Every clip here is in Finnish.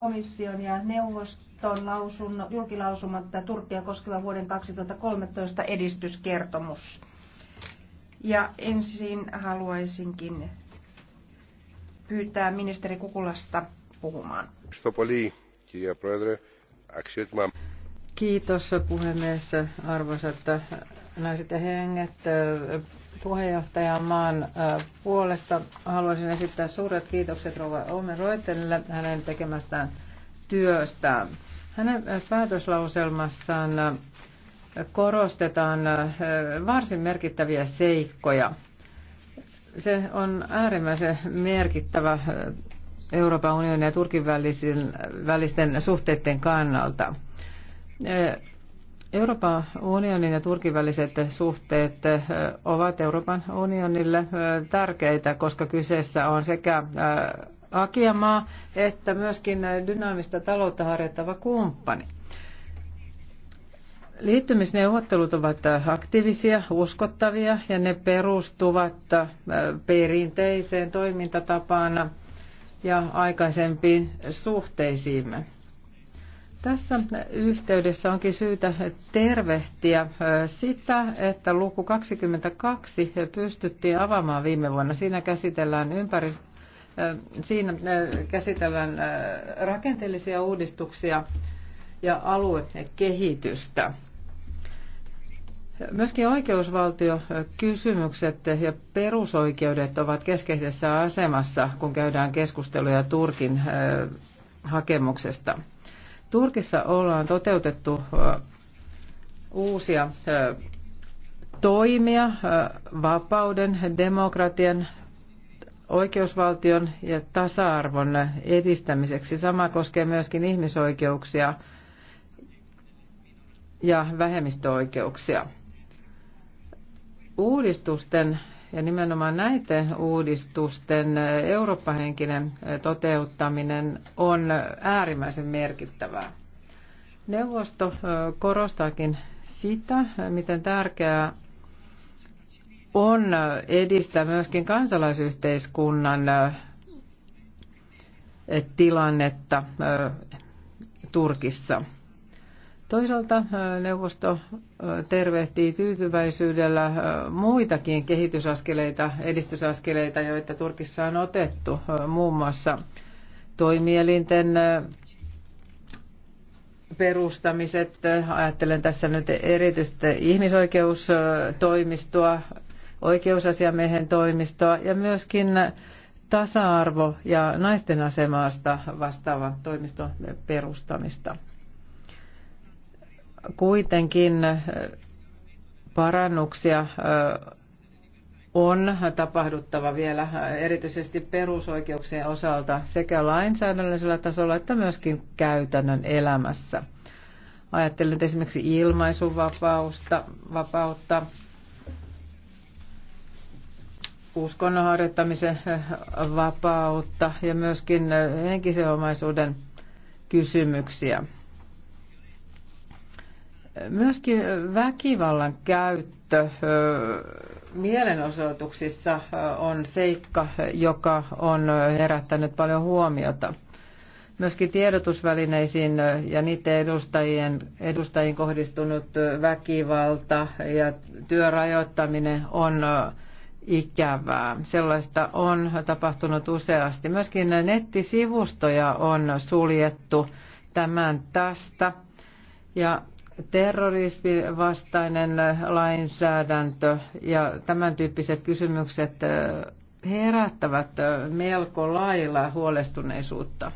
komission ja neuvoston lausunno, julkilausumatta Turkia koskeva vuoden 2013 edistyskertomus. Ja ensin haluaisinkin pyytää ministeri Kukulasta puhumaan. Kiitos puhemies, arvoisat naiset ja henget puheenjohtajamaan puolesta haluaisin esittää suuret kiitokset Rova Omen Roitelille hänen tekemästään työstä. Hänen päätöslauselmassaan korostetaan varsin merkittäviä seikkoja. Se on äärimmäisen merkittävä Euroopan unionin ja Turkin välisten suhteiden kannalta. Euroopan unionin ja Turkin väliset suhteet ovat Euroopan unionille tärkeitä, koska kyseessä on sekä akiamaa että myöskin dynaamista taloutta harjoittava kumppani. Liittymisneuvottelut ovat aktiivisia, uskottavia ja ne perustuvat perinteiseen toimintatapaan ja aikaisempiin suhteisiimme. Tässä yhteydessä onkin syytä tervehtiä sitä, että luku 22 pystyttiin avaamaan viime vuonna. Siinä käsitellään ympäri, siinä käsitellään rakenteellisia uudistuksia ja aluekehitystä. Myöskin oikeusvaltiokysymykset ja perusoikeudet ovat keskeisessä asemassa, kun käydään keskusteluja Turkin hakemuksesta. Turkissa ollaan toteutettu uusia toimia vapauden, demokratian, oikeusvaltion ja tasa-arvon edistämiseksi. Sama koskee myöskin ihmisoikeuksia ja vähemmistöoikeuksia. Uudistusten ja nimenomaan näiden uudistusten eurooppahenkinen toteuttaminen on äärimmäisen merkittävää. Neuvosto korostaakin sitä, miten tärkeää on edistää myöskin kansalaisyhteiskunnan tilannetta Turkissa. Toisaalta neuvosto tervehtii tyytyväisyydellä muitakin kehitysaskeleita, edistysaskeleita, joita Turkissa on otettu, muun muassa toimielinten perustamiset, ajattelen tässä nyt erityisesti ihmisoikeustoimistoa, oikeusasiamiehen toimistoa ja myöskin tasa-arvo- ja naisten asemasta vastaavan toimiston perustamista. Kuitenkin äh, parannuksia äh, on tapahduttava vielä äh, erityisesti perusoikeuksien osalta sekä lainsäädännöllisellä tasolla että myöskin käytännön elämässä. Ajattelen nyt esimerkiksi ilmaisuvapautta, vapautta, uskonnon harjoittamisen vapautta ja myöskin henkisen omaisuuden kysymyksiä. Myöskin väkivallan käyttö mielenosoituksissa on seikka, joka on herättänyt paljon huomiota. Myöskin tiedotusvälineisiin ja niiden edustajien, edustajien kohdistunut väkivalta ja työrajoittaminen on ikävää. Sellaista on tapahtunut useasti. Myöskin nettisivustoja on suljettu tämän tästä. Ja terrorismin vastainen lainsäädäntö ja tämän tyyppiset kysymykset herättävät melko lailla huolestuneisuutta.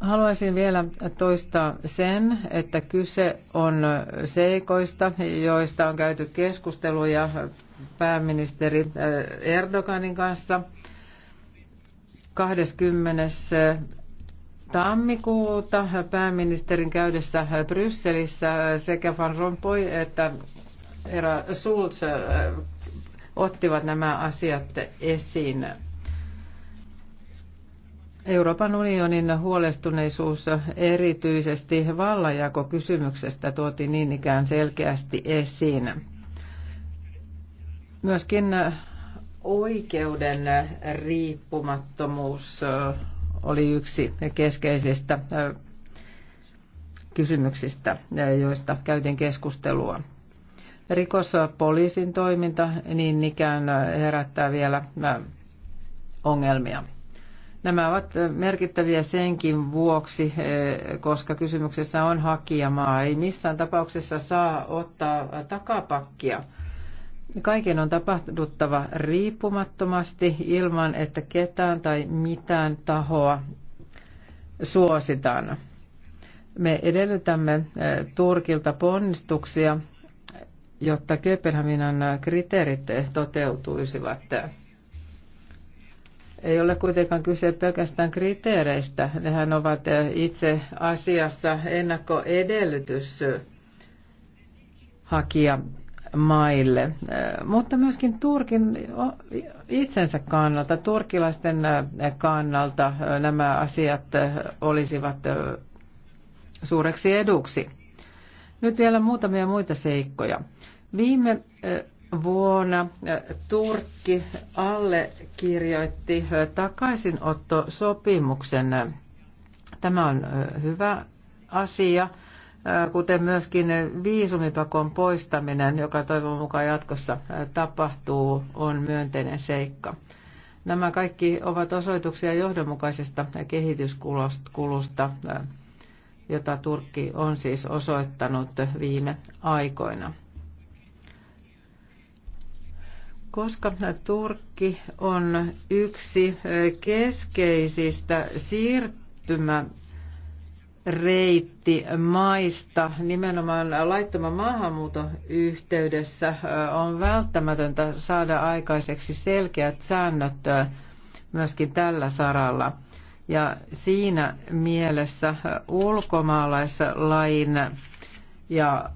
Haluaisin vielä toistaa sen, että kyse on seikoista, joista on käyty keskusteluja pääministeri Erdoganin kanssa 20 tammikuuta pääministerin käydessä Brysselissä sekä Van Rompuy että Era Schulz äh, ottivat nämä asiat esiin. Euroopan unionin huolestuneisuus erityisesti vallanjakokysymyksestä tuotiin niin ikään selkeästi esiin. Myöskin oikeuden riippumattomuus oli yksi keskeisistä kysymyksistä, joista käytiin keskustelua. Rikospoliisin toiminta niin ikään herättää vielä ongelmia. Nämä ovat merkittäviä senkin vuoksi, koska kysymyksessä on hakijamaa. Ei missään tapauksessa saa ottaa takapakkia Kaiken on tapahduttava riippumattomasti ilman, että ketään tai mitään tahoa suositaan. Me edellytämme eh, Turkilta ponnistuksia, jotta Kööpenhaminan kriteerit toteutuisivat. Ei ole kuitenkaan kyse pelkästään kriteereistä. Nehän ovat eh, itse asiassa ennakkoedellytys hakija maille, mutta myöskin Turkin itsensä kannalta, turkilaisten kannalta nämä asiat olisivat suureksi eduksi. Nyt vielä muutamia muita seikkoja. Viime vuonna Turkki allekirjoitti takaisinottosopimuksen. Tämä on hyvä asia – Äh, kuten myöskin viisumipakon poistaminen, joka toivon mukaan jatkossa äh, tapahtuu, on myönteinen seikka. Nämä kaikki ovat osoituksia johdonmukaisesta kehityskulusta, äh, jota Turkki on siis osoittanut viime aikoina. Koska Turkki on yksi keskeisistä siirtymä reitti maista nimenomaan laittoman maahanmuuton yhteydessä on välttämätöntä saada aikaiseksi selkeät säännöt myöskin tällä saralla. Ja siinä mielessä ulkomaalaislain ja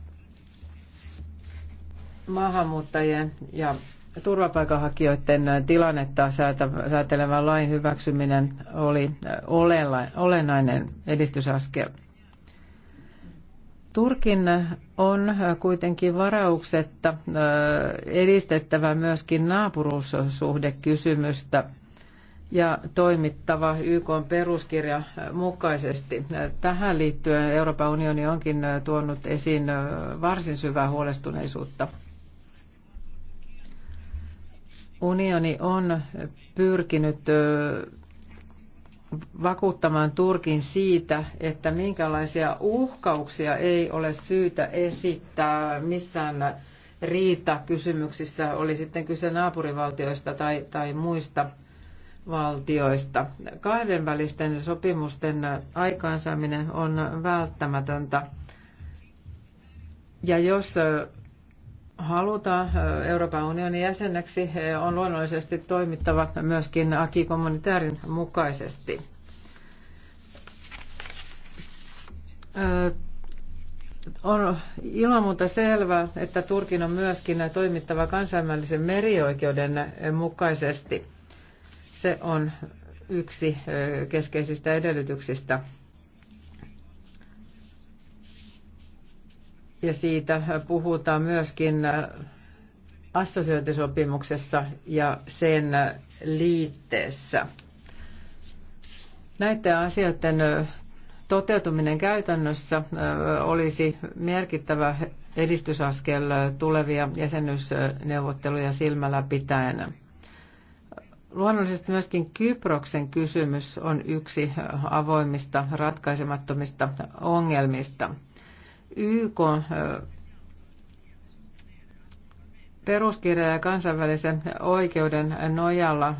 maahanmuuttajien ja turvapaikanhakijoiden tilannetta säätelevän lain hyväksyminen oli äh, olennainen edistysaskel. Turkin on kuitenkin varauksetta äh, edistettävä myöskin naapuruussuhdekysymystä ja toimittava YK peruskirja mukaisesti. Tähän liittyen Euroopan unioni onkin tuonut esiin varsin syvää huolestuneisuutta unioni on pyrkinyt vakuuttamaan Turkin siitä, että minkälaisia uhkauksia ei ole syytä esittää missään riitakysymyksissä, oli sitten kyse naapurivaltioista tai, tai muista valtioista. Kahdenvälisten sopimusten aikaansaaminen on välttämätöntä. Ja jos halutaan äh, Euroopan unionin jäseneksi, on luonnollisesti toimittava myöskin akikommunitaarin mukaisesti. Äh, on ilman muuta selvää, että Turkin on myöskin toimittava kansainvälisen merioikeuden mukaisesti. Se on yksi äh, keskeisistä edellytyksistä ja siitä puhutaan myöskin assosiointisopimuksessa ja sen liitteessä. Näiden asioiden toteutuminen käytännössä olisi merkittävä edistysaskel tulevia jäsenyysneuvotteluja silmällä pitäen. Luonnollisesti myöskin Kyproksen kysymys on yksi avoimista ratkaisemattomista ongelmista – YK peruskirja ja kansainvälisen oikeuden nojalla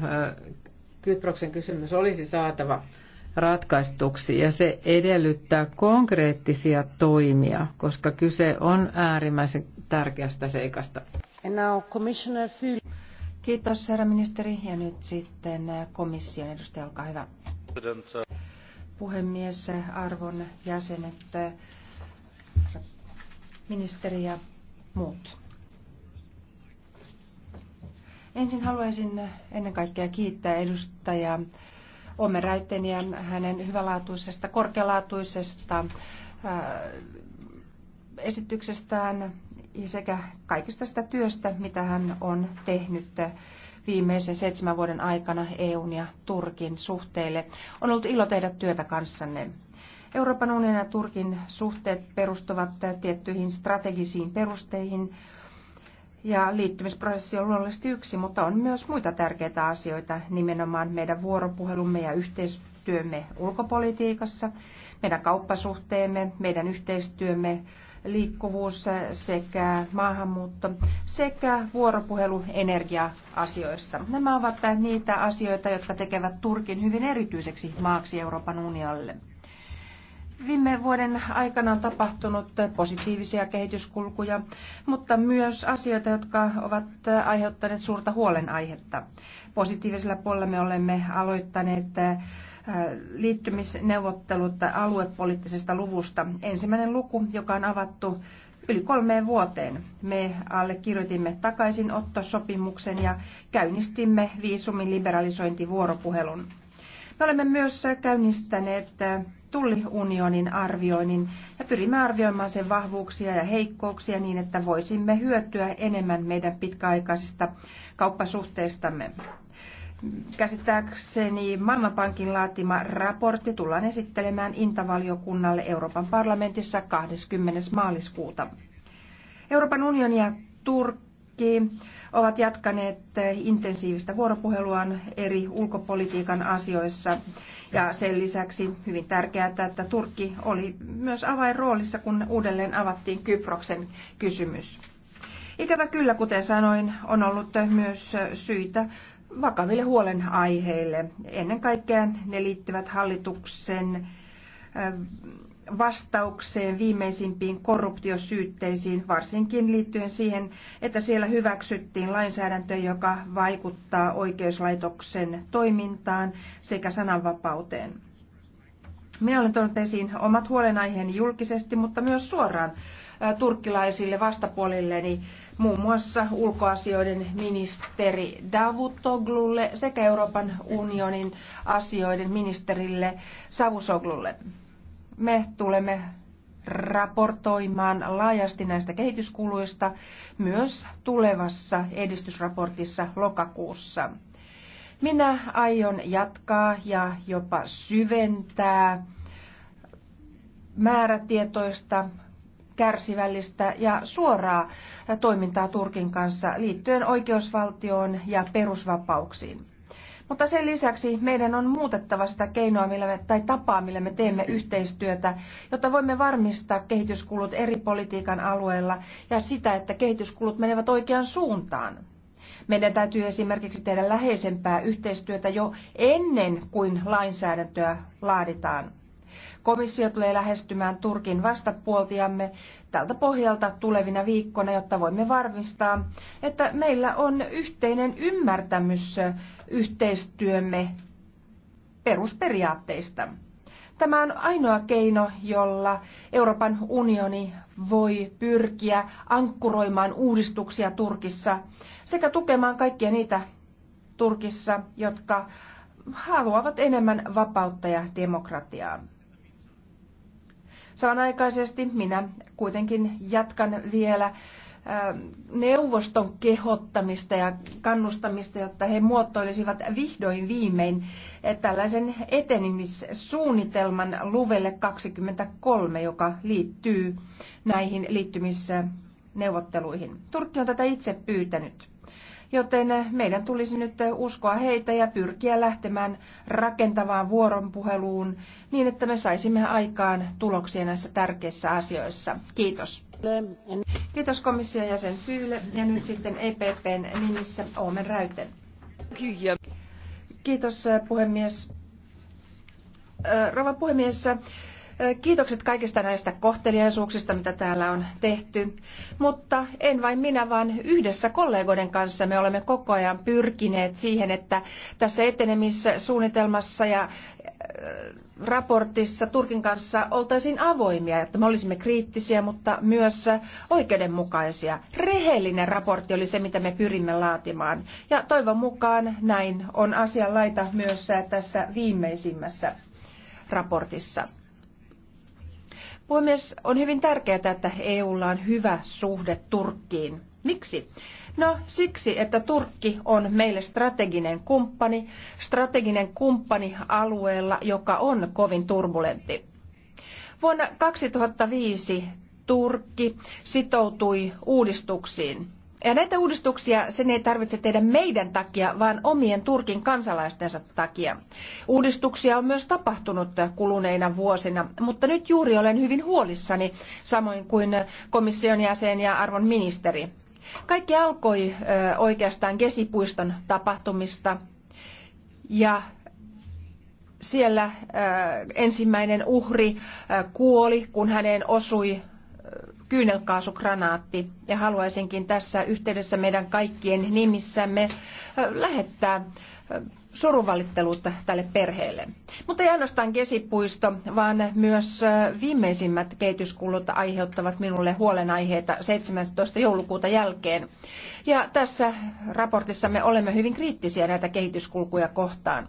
Kyproksen kysymys olisi saatava ratkaistuksi ja se edellyttää konkreettisia toimia, koska kyse on äärimmäisen tärkeästä seikasta. Kiitos herra ministeri ja nyt sitten komission edustaja, olkaa hyvä. Puhemies, arvon jäsenet, ministeri ja muut. Ensin haluaisin ennen kaikkea kiittää edustajaa Ome Räytteniä hänen hyvälaatuisesta, korkealaatuisesta äh, esityksestään sekä kaikesta sitä työstä, mitä hän on tehnyt viimeisen seitsemän vuoden aikana EUn ja Turkin suhteille. On ollut ilo tehdä työtä kanssanne. Euroopan unionin ja Turkin suhteet perustuvat tiettyihin strategisiin perusteihin ja liittymisprosessi on luonnollisesti yksi, mutta on myös muita tärkeitä asioita, nimenomaan meidän vuoropuhelumme ja yhteistyömme ulkopolitiikassa, meidän kauppasuhteemme, meidän yhteistyömme, liikkuvuus sekä maahanmuutto sekä vuoropuhelu energia-asioista. Nämä ovat niitä asioita, jotka tekevät Turkin hyvin erityiseksi maaksi Euroopan unionille. Viime vuoden aikana on tapahtunut positiivisia kehityskulkuja, mutta myös asioita, jotka ovat aiheuttaneet suurta huolenaihetta. Positiivisella puolella me olemme aloittaneet äh, liittymisneuvottelut aluepoliittisesta luvusta. Ensimmäinen luku, joka on avattu yli kolmeen vuoteen. Me allekirjoitimme takaisinottosopimuksen ja käynnistimme viisumin liberalisointivuoropuhelun. Me olemme myös käynnistäneet äh, tulliunionin arvioinnin ja pyrimme arvioimaan sen vahvuuksia ja heikkouksia niin, että voisimme hyötyä enemmän meidän pitkäaikaisista kauppasuhteistamme. Käsittääkseni Maailmanpankin laatima raportti tullaan esittelemään Intavaliokunnalle Euroopan parlamentissa 20. maaliskuuta. Euroopan unionia Turkki ovat jatkaneet eh, intensiivistä vuoropuheluaan eri ulkopolitiikan asioissa. Ja sen lisäksi hyvin tärkeää, että Turkki oli myös avainroolissa, kun uudelleen avattiin Kyproksen kysymys. Ikävä kyllä, kuten sanoin, on ollut myös syitä vakaville huolenaiheille. Ennen kaikkea ne liittyvät hallituksen eh, vastaukseen viimeisimpiin korruptiosyytteisiin, varsinkin liittyen siihen, että siellä hyväksyttiin lainsäädäntö, joka vaikuttaa oikeuslaitoksen toimintaan sekä sananvapauteen. Minä olen tuonut esiin omat huolenaiheeni julkisesti, mutta myös suoraan turkkilaisille vastapuolilleni, muun muassa ulkoasioiden ministeri Davutoglulle sekä Euroopan unionin asioiden ministerille Savusoglulle. Me tulemme raportoimaan laajasti näistä kehityskuluista myös tulevassa edistysraportissa lokakuussa. Minä aion jatkaa ja jopa syventää määrätietoista, kärsivällistä ja suoraa toimintaa Turkin kanssa liittyen oikeusvaltioon ja perusvapauksiin. Mutta sen lisäksi meidän on muutettava sitä keinoa millä me, tai tapaa, millä me teemme yhteistyötä, jotta voimme varmistaa kehityskulut eri politiikan alueilla ja sitä, että kehityskulut menevät oikeaan suuntaan. Meidän täytyy esimerkiksi tehdä läheisempää yhteistyötä jo ennen kuin lainsäädäntöä laaditaan. Komissio tulee lähestymään Turkin vastapuoltiamme tältä pohjalta tulevina viikkoina, jotta voimme varmistaa, että meillä on yhteinen ymmärtämys yhteistyömme perusperiaatteista. Tämä on ainoa keino, jolla Euroopan unioni voi pyrkiä ankkuroimaan uudistuksia Turkissa sekä tukemaan kaikkia niitä Turkissa, jotka haluavat enemmän vapautta ja demokratiaa. Samanaikaisesti minä kuitenkin jatkan vielä neuvoston kehottamista ja kannustamista, jotta he muotoilisivat vihdoin viimein tällaisen etenemissuunnitelman luvelle 23, joka liittyy näihin liittymisneuvotteluihin. Turkki on tätä itse pyytänyt. Joten eh, meidän tulisi nyt eh, uskoa heitä ja pyrkiä lähtemään rakentavaan vuoronpuheluun niin, että me saisimme aikaan tuloksia näissä tärkeissä asioissa. Kiitos. Kiitos komission jäsen Fyyle ja nyt sitten EPPn nimissä Oomen Räyten. Kiitos eh, puhemies. Rova puhemies, Kiitokset kaikista näistä kohteliaisuuksista, mitä täällä on tehty, mutta en vain minä, vaan yhdessä kollegoiden kanssa me olemme koko ajan pyrkineet siihen, että tässä etenemissuunnitelmassa ja raportissa Turkin kanssa oltaisiin avoimia, että me olisimme kriittisiä, mutta myös oikeudenmukaisia. Rehellinen raportti oli se, mitä me pyrimme laatimaan. Ja toivon mukaan näin on asianlaita myös tässä viimeisimmässä raportissa. Puhemies, on hyvin tärkeää, että EUlla on hyvä suhde Turkkiin. Miksi? No siksi, että Turkki on meille strateginen kumppani, strateginen kumppani alueella, joka on kovin turbulentti. Vuonna 2005 Turkki sitoutui uudistuksiin. Ja näitä uudistuksia sen ei tarvitse tehdä meidän takia, vaan omien Turkin kansalaistensa takia. Uudistuksia on myös tapahtunut kuluneina vuosina, mutta nyt juuri olen hyvin huolissani, samoin kuin komission jäsen ja arvon ministeri. Kaikki alkoi oikeastaan Gesipuiston tapahtumista ja siellä ensimmäinen uhri kuoli, kun häneen osui kyynelkaasukranaatti. Ja haluaisinkin tässä yhteydessä meidän kaikkien nimissämme lähettää surunvalitteluutta tälle perheelle. Mutta ei ainoastaan kesipuisto, vaan myös viimeisimmät kehityskulut aiheuttavat minulle huolenaiheita 17. joulukuuta jälkeen. Ja tässä raportissa me olemme hyvin kriittisiä näitä kehityskulkuja kohtaan.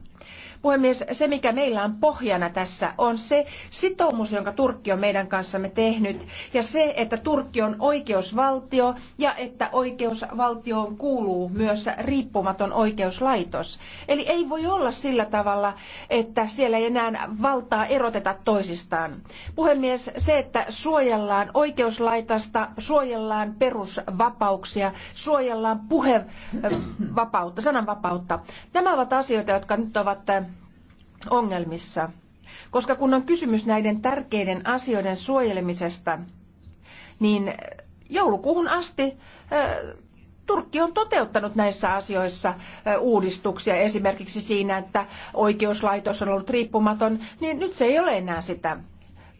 Puhemies, se mikä meillä on pohjana tässä on se sitoumus, jonka Turkki on meidän kanssamme tehnyt ja se, että Turkki on oikeusvaltio ja että oikeusvaltioon kuuluu myös riippumaton oikeuslaitos. Eli ei ei voi olla sillä tavalla, että siellä ei enää valtaa eroteta toisistaan. Puhemies, se, että suojellaan oikeuslaitasta, suojellaan perusvapauksia, suojellaan puhevapautta, äh, sananvapautta, nämä ovat asioita, jotka nyt ovat äh, ongelmissa. Koska kun on kysymys näiden tärkeiden asioiden suojelemisesta, niin joulukuuhun asti äh, Turkki on toteuttanut näissä asioissa uudistuksia, esimerkiksi siinä, että oikeuslaitos on ollut riippumaton, niin nyt se ei ole enää sitä.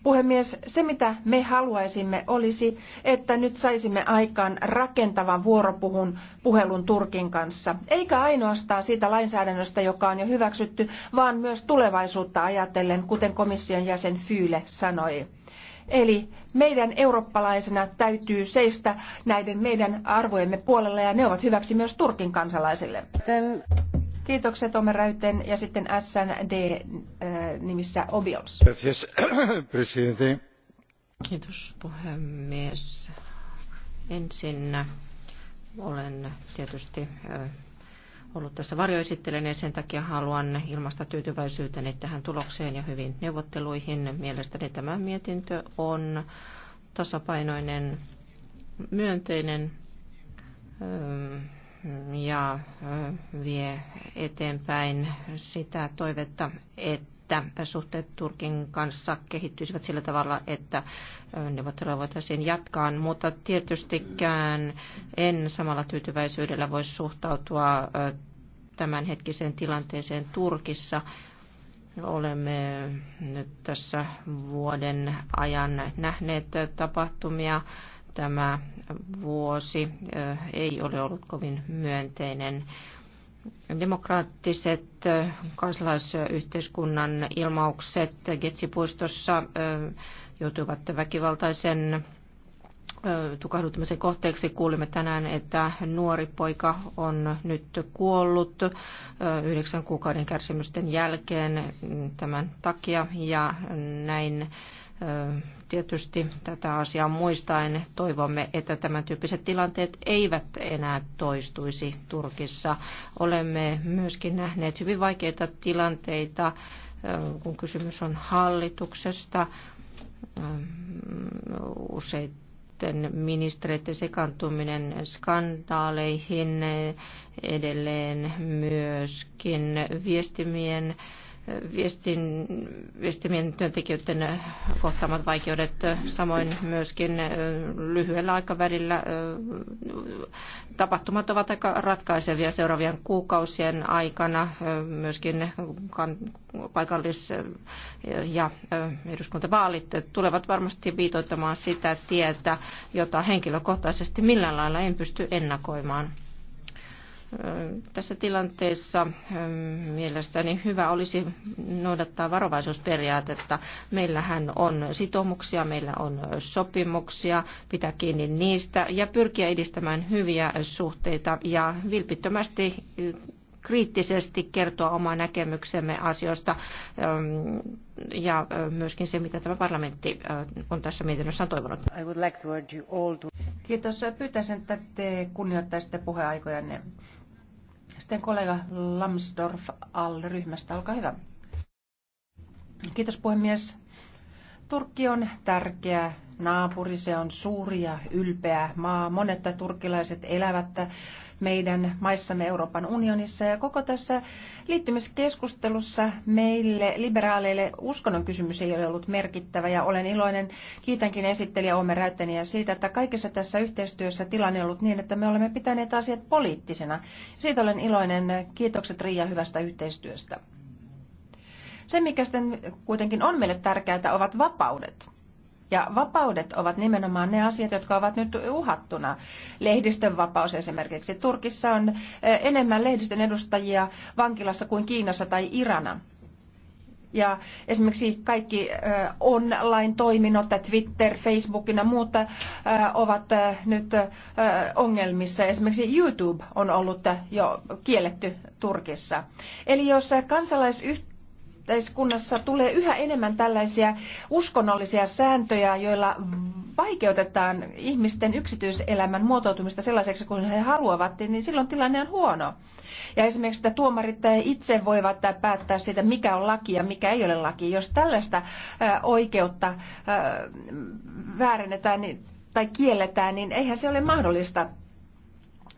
Puhemies, se mitä me haluaisimme olisi, että nyt saisimme aikaan rakentavan vuoropuhun puhelun Turkin kanssa. Eikä ainoastaan siitä lainsäädännöstä, joka on jo hyväksytty, vaan myös tulevaisuutta ajatellen, kuten komission jäsen Fyyle sanoi. Eli meidän eurooppalaisena täytyy seistä näiden meidän arvojemme puolella ja ne ovat hyväksi myös Turkin kansalaisille. Kiitokset Omer Räyten ja sitten SND äh, nimissä Obiols. Kiitos puhemies. Ensin olen tietysti äh, ollut tässä varjoesittelen ja sen takia haluan ilmaista tyytyväisyyteni tähän tulokseen ja hyvin neuvotteluihin. Mielestäni tämä mietintö on tasapainoinen, myönteinen öö, ja öö, vie eteenpäin sitä toivetta, että että suhteet Turkin kanssa kehittyisivät sillä tavalla, että neuvotteluja voitaisiin jatkaa, mutta tietystikään en samalla tyytyväisyydellä voi suhtautua tämänhetkiseen tilanteeseen Turkissa. Olemme nyt tässä vuoden ajan nähneet tapahtumia. Tämä vuosi ei ole ollut kovin myönteinen demokraattiset kansalaisyhteiskunnan ilmaukset Getsipuistossa joutuivat väkivaltaisen tukahduttamisen kohteeksi. Kuulimme tänään, että nuori poika on nyt kuollut yhdeksän kuukauden kärsimysten jälkeen tämän takia ja näin Tietysti tätä asiaa muistaen toivomme, että tämän tyyppiset tilanteet eivät enää toistuisi Turkissa. Olemme myöskin nähneet hyvin vaikeita tilanteita, kun kysymys on hallituksesta. Useita ministereiden sekantuminen skandaaleihin, edelleen myöskin viestimien viestin, viestimien työntekijöiden kohtaamat vaikeudet, samoin myöskin lyhyellä aikavälillä tapahtumat ovat aika ratkaisevia seuraavien kuukausien aikana, myöskin paikallis- ja eduskuntavaalit tulevat varmasti viitoittamaan sitä tietä, jota henkilökohtaisesti millään lailla en pysty ennakoimaan. Tässä tilanteessa mielestäni hyvä olisi noudattaa varovaisuusperiaatetta. Meillähän on sitoumuksia, meillä on sopimuksia, pitää kiinni niistä ja pyrkiä edistämään hyviä suhteita ja vilpittömästi kriittisesti kertoa oma näkemyksemme asioista ja myöskin se, mitä tämä parlamentti on tässä mietinnössään toivonut. I would like to urge you all to... Kiitos. Pyytäisin, että te kunnioittaisitte puheaikojanne. Sitten kollega Lamsdorf Al-ryhmästä, olkaa hyvä. Kiitos puhemies. Turkki on tärkeä naapuri, se on suuri ja ylpeä maa. Monet turkilaiset elävät meidän maissamme Euroopan unionissa ja koko tässä liittymiskeskustelussa meille liberaaleille uskonnon kysymys ei ole ollut merkittävä ja olen iloinen. Kiitänkin esittelijä Ome Räyttäniä siitä, että kaikessa tässä yhteistyössä tilanne on ollut niin, että me olemme pitäneet asiat poliittisena. Siitä olen iloinen. Kiitokset Riia hyvästä yhteistyöstä. Se, mikä sitten kuitenkin on meille tärkeää, ovat vapaudet. Ja vapaudet ovat nimenomaan ne asiat, jotka ovat nyt uhattuna. Lehdistön vapaus esimerkiksi. Turkissa on eh, enemmän lehdistön edustajia vankilassa kuin Kiinassa tai Irana. Ja esimerkiksi kaikki eh, online-toiminnot, Twitter, Facebook ja muut eh, ovat nyt ongelmissa. Esimerkiksi YouTube on ollut jo kielletty Turkissa. Eli jos kansalaisyhteisö yhteiskunnassa tulee yhä enemmän tällaisia uskonnollisia sääntöjä, joilla vaikeutetaan ihmisten yksityiselämän muotoutumista sellaiseksi kuin he haluavat, niin silloin tilanne on huono. Ja esimerkiksi että tuomarit itse voivat päättää siitä, mikä on laki ja mikä ei ole laki. Jos tällaista oikeutta väärennetään niin- tai kielletään, niin eihän se ole mahdollista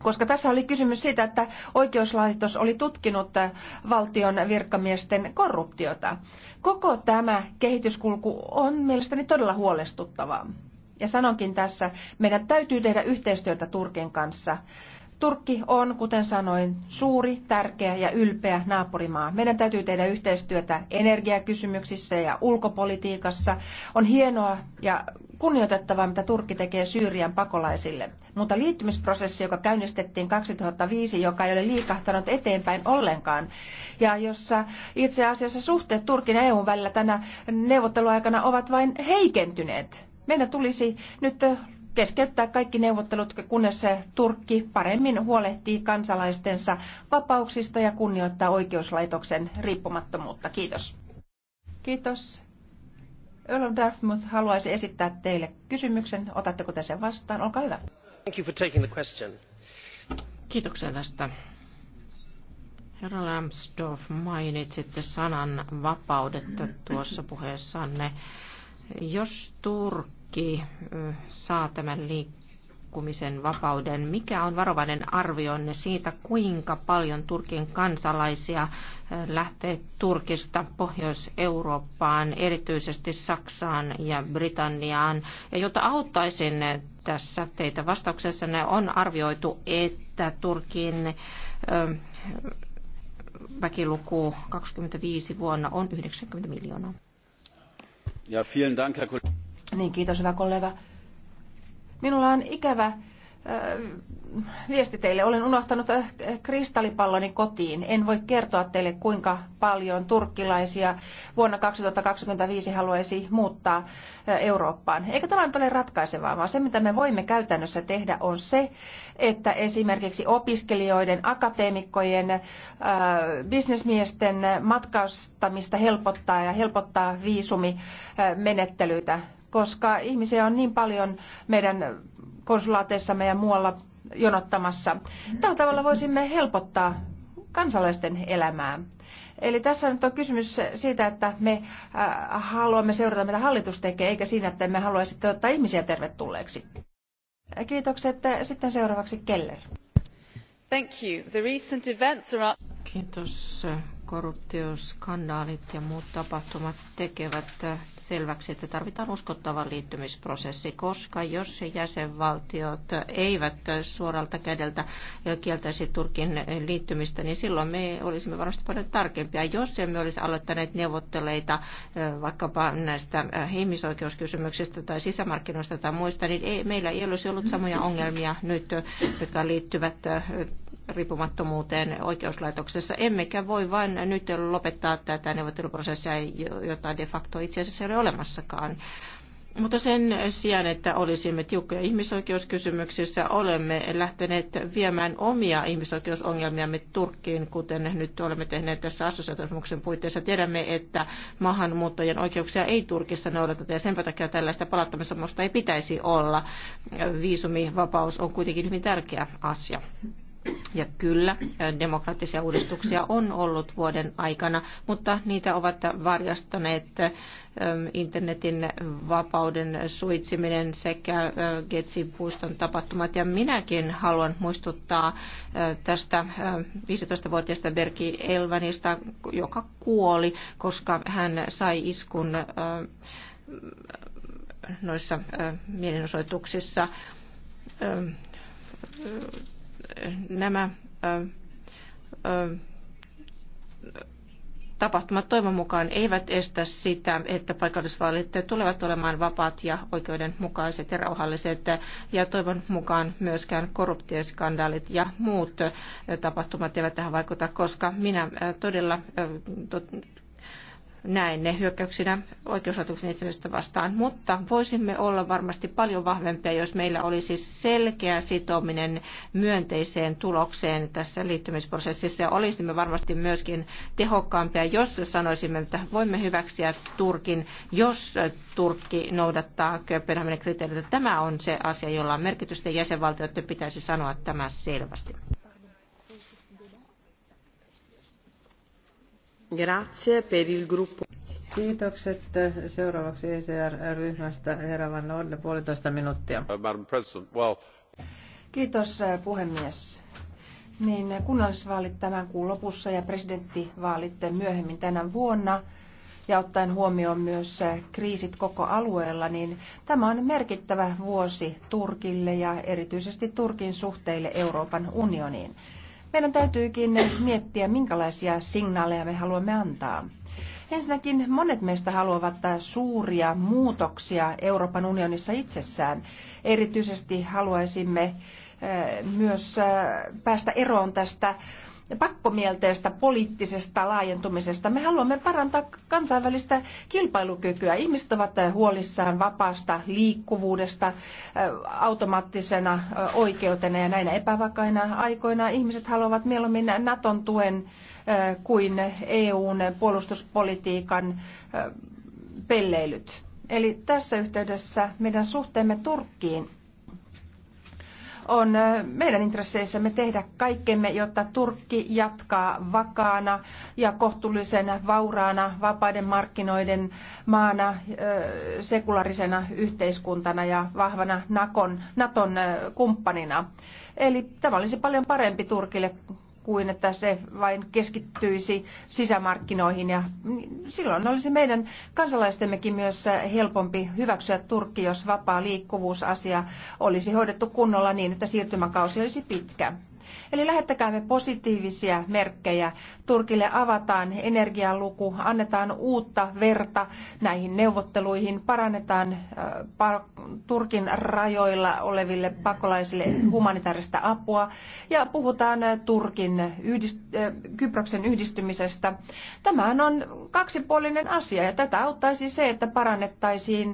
koska tässä oli kysymys siitä, että oikeuslaitos oli tutkinut äh, valtion virkamiesten korruptiota. Koko tämä kehityskulku on mielestäni todella huolestuttavaa. Ja sanonkin tässä, meidän täytyy tehdä yhteistyötä Turkin kanssa Turkki on, kuten sanoin, suuri, tärkeä ja ylpeä naapurimaa. Meidän täytyy tehdä yhteistyötä energiakysymyksissä ja ulkopolitiikassa. On hienoa ja kunnioitettavaa, mitä Turkki tekee Syyrian pakolaisille. Mutta liittymisprosessi, joka käynnistettiin 2005, joka ei ole liikahtanut eteenpäin ollenkaan, ja jossa itse asiassa suhteet Turkin ja EUn välillä tänä neuvotteluaikana ovat vain heikentyneet. Meidän tulisi nyt keskeyttää kaikki neuvottelut, kunnes se Turkki paremmin huolehtii kansalaistensa vapauksista ja kunnioittaa oikeuslaitoksen riippumattomuutta. Kiitos. Kiitos. Earl Dartmouth haluaisi esittää teille kysymyksen. Otatteko te sen vastaan? Olkaa hyvä. Thank you for taking the question. Kiitoksia tästä. Herra Lambsdorff, mainitsitte sanan vapaudetta tuossa puheessanne. Jos Turkki kaikki saa tämän liikkumisen vapauden. Mikä on varovainen arvionne siitä, kuinka paljon Turkin kansalaisia lähtee Turkista Pohjois-Eurooppaan, erityisesti Saksaan ja Britanniaan, ja jota auttaisin tässä teitä vastauksessanne on arvioitu, että Turkin väkiluku 25 vuonna on 90 miljoonaa. Ja, vielen dank, Herr niin, kiitos hyvä kollega. Minulla on ikävä viesti teille. Olen unohtanut kristallipalloni kotiin. En voi kertoa teille, kuinka paljon turkkilaisia vuonna 2025 haluaisi muuttaa Eurooppaan. Eikä tämä nyt ole ratkaisevaa, vaan se, mitä me voimme käytännössä tehdä, on se, että esimerkiksi opiskelijoiden, akateemikkojen, bisnesmiesten matkastamista helpottaa ja helpottaa viisumimenettelyitä koska ihmisiä on niin paljon meidän konsulaateissamme ja muualla jonottamassa. Tällä tavalla voisimme helpottaa kansalaisten elämää. Eli tässä nyt on kysymys siitä, että me äh, haluamme seurata, mitä hallitus tekee, eikä siinä, että me haluaisi ottaa ihmisiä tervetulleeksi. Kiitokset. Sitten seuraavaksi Keller. Thank you. The recent events are... Kiitos. Korruptioskandaalit ja muut tapahtumat tekevät selväksi, että tarvitaan uskottava liittymisprosessi, koska jos jäsenvaltiot eivät suoralta kädeltä kieltäisi Turkin liittymistä, niin silloin me olisimme varmasti paljon tarkempia. Jos emme olisi aloittaneet neuvotteleita vaikkapa näistä ihmisoikeuskysymyksistä tai sisämarkkinoista tai muista, niin ei, meillä ei olisi ollut samoja ongelmia nyt, jotka liittyvät riippumattomuuteen oikeuslaitoksessa, emmekä voi vain nyt lopettaa tätä neuvotteluprosessia, jota de facto itse asiassa ei ole olemassakaan. Mutta sen sijaan, että olisimme tiukkoja ihmisoikeuskysymyksissä, olemme lähteneet viemään omia ihmisoikeusongelmiamme Turkkiin, kuten nyt olemme tehneet tässä assosiaatiosopimuksen puitteissa. Tiedämme, että maahanmuuttajien oikeuksia ei Turkissa noudateta ja sen takia tällaista palauttamisomusta ei pitäisi olla. Viisumivapaus on kuitenkin hyvin tärkeä asia. Ja kyllä, demokraattisia uudistuksia on ollut vuoden aikana, mutta niitä ovat varjastaneet internetin vapauden suitsiminen sekä Getsin puiston tapahtumat. Ja minäkin haluan muistuttaa tästä 15-vuotiaasta Berki Elvanista, joka kuoli, koska hän sai iskun noissa mielenosoituksissa nämä tapahtumat toivon mukaan eivät estä sitä, että paikallisvaalit tulevat olemaan vapaat ja oikeudenmukaiset ja rauhalliset. Ja toivon mukaan myöskään korruptioskandaalit ja muut tapahtumat eivät tähän vaikuta, koska minä todella näen ne hyökkäyksinä oikeuslaitoksen itsenäisyyttä vastaan, mutta voisimme olla varmasti paljon vahvempia, jos meillä olisi selkeä sitominen myönteiseen tulokseen tässä liittymisprosessissa. Ja olisimme varmasti myöskin tehokkaampia, jos sanoisimme, että voimme hyväksyä Turkin, jos Turkki noudattaa Kööpenhaminan kriteereitä. Tämä on se asia, jolla on merkitystä. ja Jäsenvaltioiden pitäisi sanoa tämä selvästi. Grazie per il gruppo. Kiitokset. Seuraavaksi ECR-ryhmästä herra Van Norden, puolitoista minuuttia. Uh, Madam President, well... Kiitos uh, puhemies. Niin, uh, kunnallisvaalit tämän kuun lopussa ja presidenttivaalit myöhemmin tänä vuonna ja ottaen huomioon myös kriisit koko alueella, niin tämä on merkittävä vuosi Turkille ja erityisesti Turkin suhteille Euroopan unioniin. Meidän täytyykin miettiä, minkälaisia signaaleja me haluamme antaa. Ensinnäkin monet meistä haluavat suuria muutoksia Euroopan unionissa itsessään. Erityisesti haluaisimme eh, myös eh, päästä eroon tästä pakkomielteestä poliittisesta laajentumisesta. Me haluamme parantaa kansainvälistä kilpailukykyä. Ihmiset ovat huolissaan vapaasta liikkuvuudesta automaattisena oikeutena ja näinä epävakaina aikoina ihmiset haluavat mieluummin Naton tuen kuin EUn puolustuspolitiikan pelleilyt. Eli tässä yhteydessä meidän suhteemme Turkkiin on meidän intresseissämme tehdä kaikkemme, jotta Turkki jatkaa vakaana ja kohtuullisen vauraana vapaiden markkinoiden maana, sekularisena yhteiskuntana ja vahvana Nakon, Naton kumppanina. Eli tämä olisi paljon parempi Turkille kuin että se vain keskittyisi sisämarkkinoihin. Ja silloin olisi meidän kansalaistemmekin myös helpompi hyväksyä Turkki, jos vapaa liikkuvuusasia olisi hoidettu kunnolla niin, että siirtymäkausi olisi pitkä. Eli me positiivisia merkkejä. Turkille avataan energialuku, annetaan uutta verta näihin neuvotteluihin, parannetaan äh, Turkin rajoilla oleville pakolaisille humanitaarista apua ja puhutaan Turkin yhdist- äh, Kyproksen yhdistymisestä. Tämähän on kaksipuolinen asia ja tätä auttaisi se, että parannettaisiin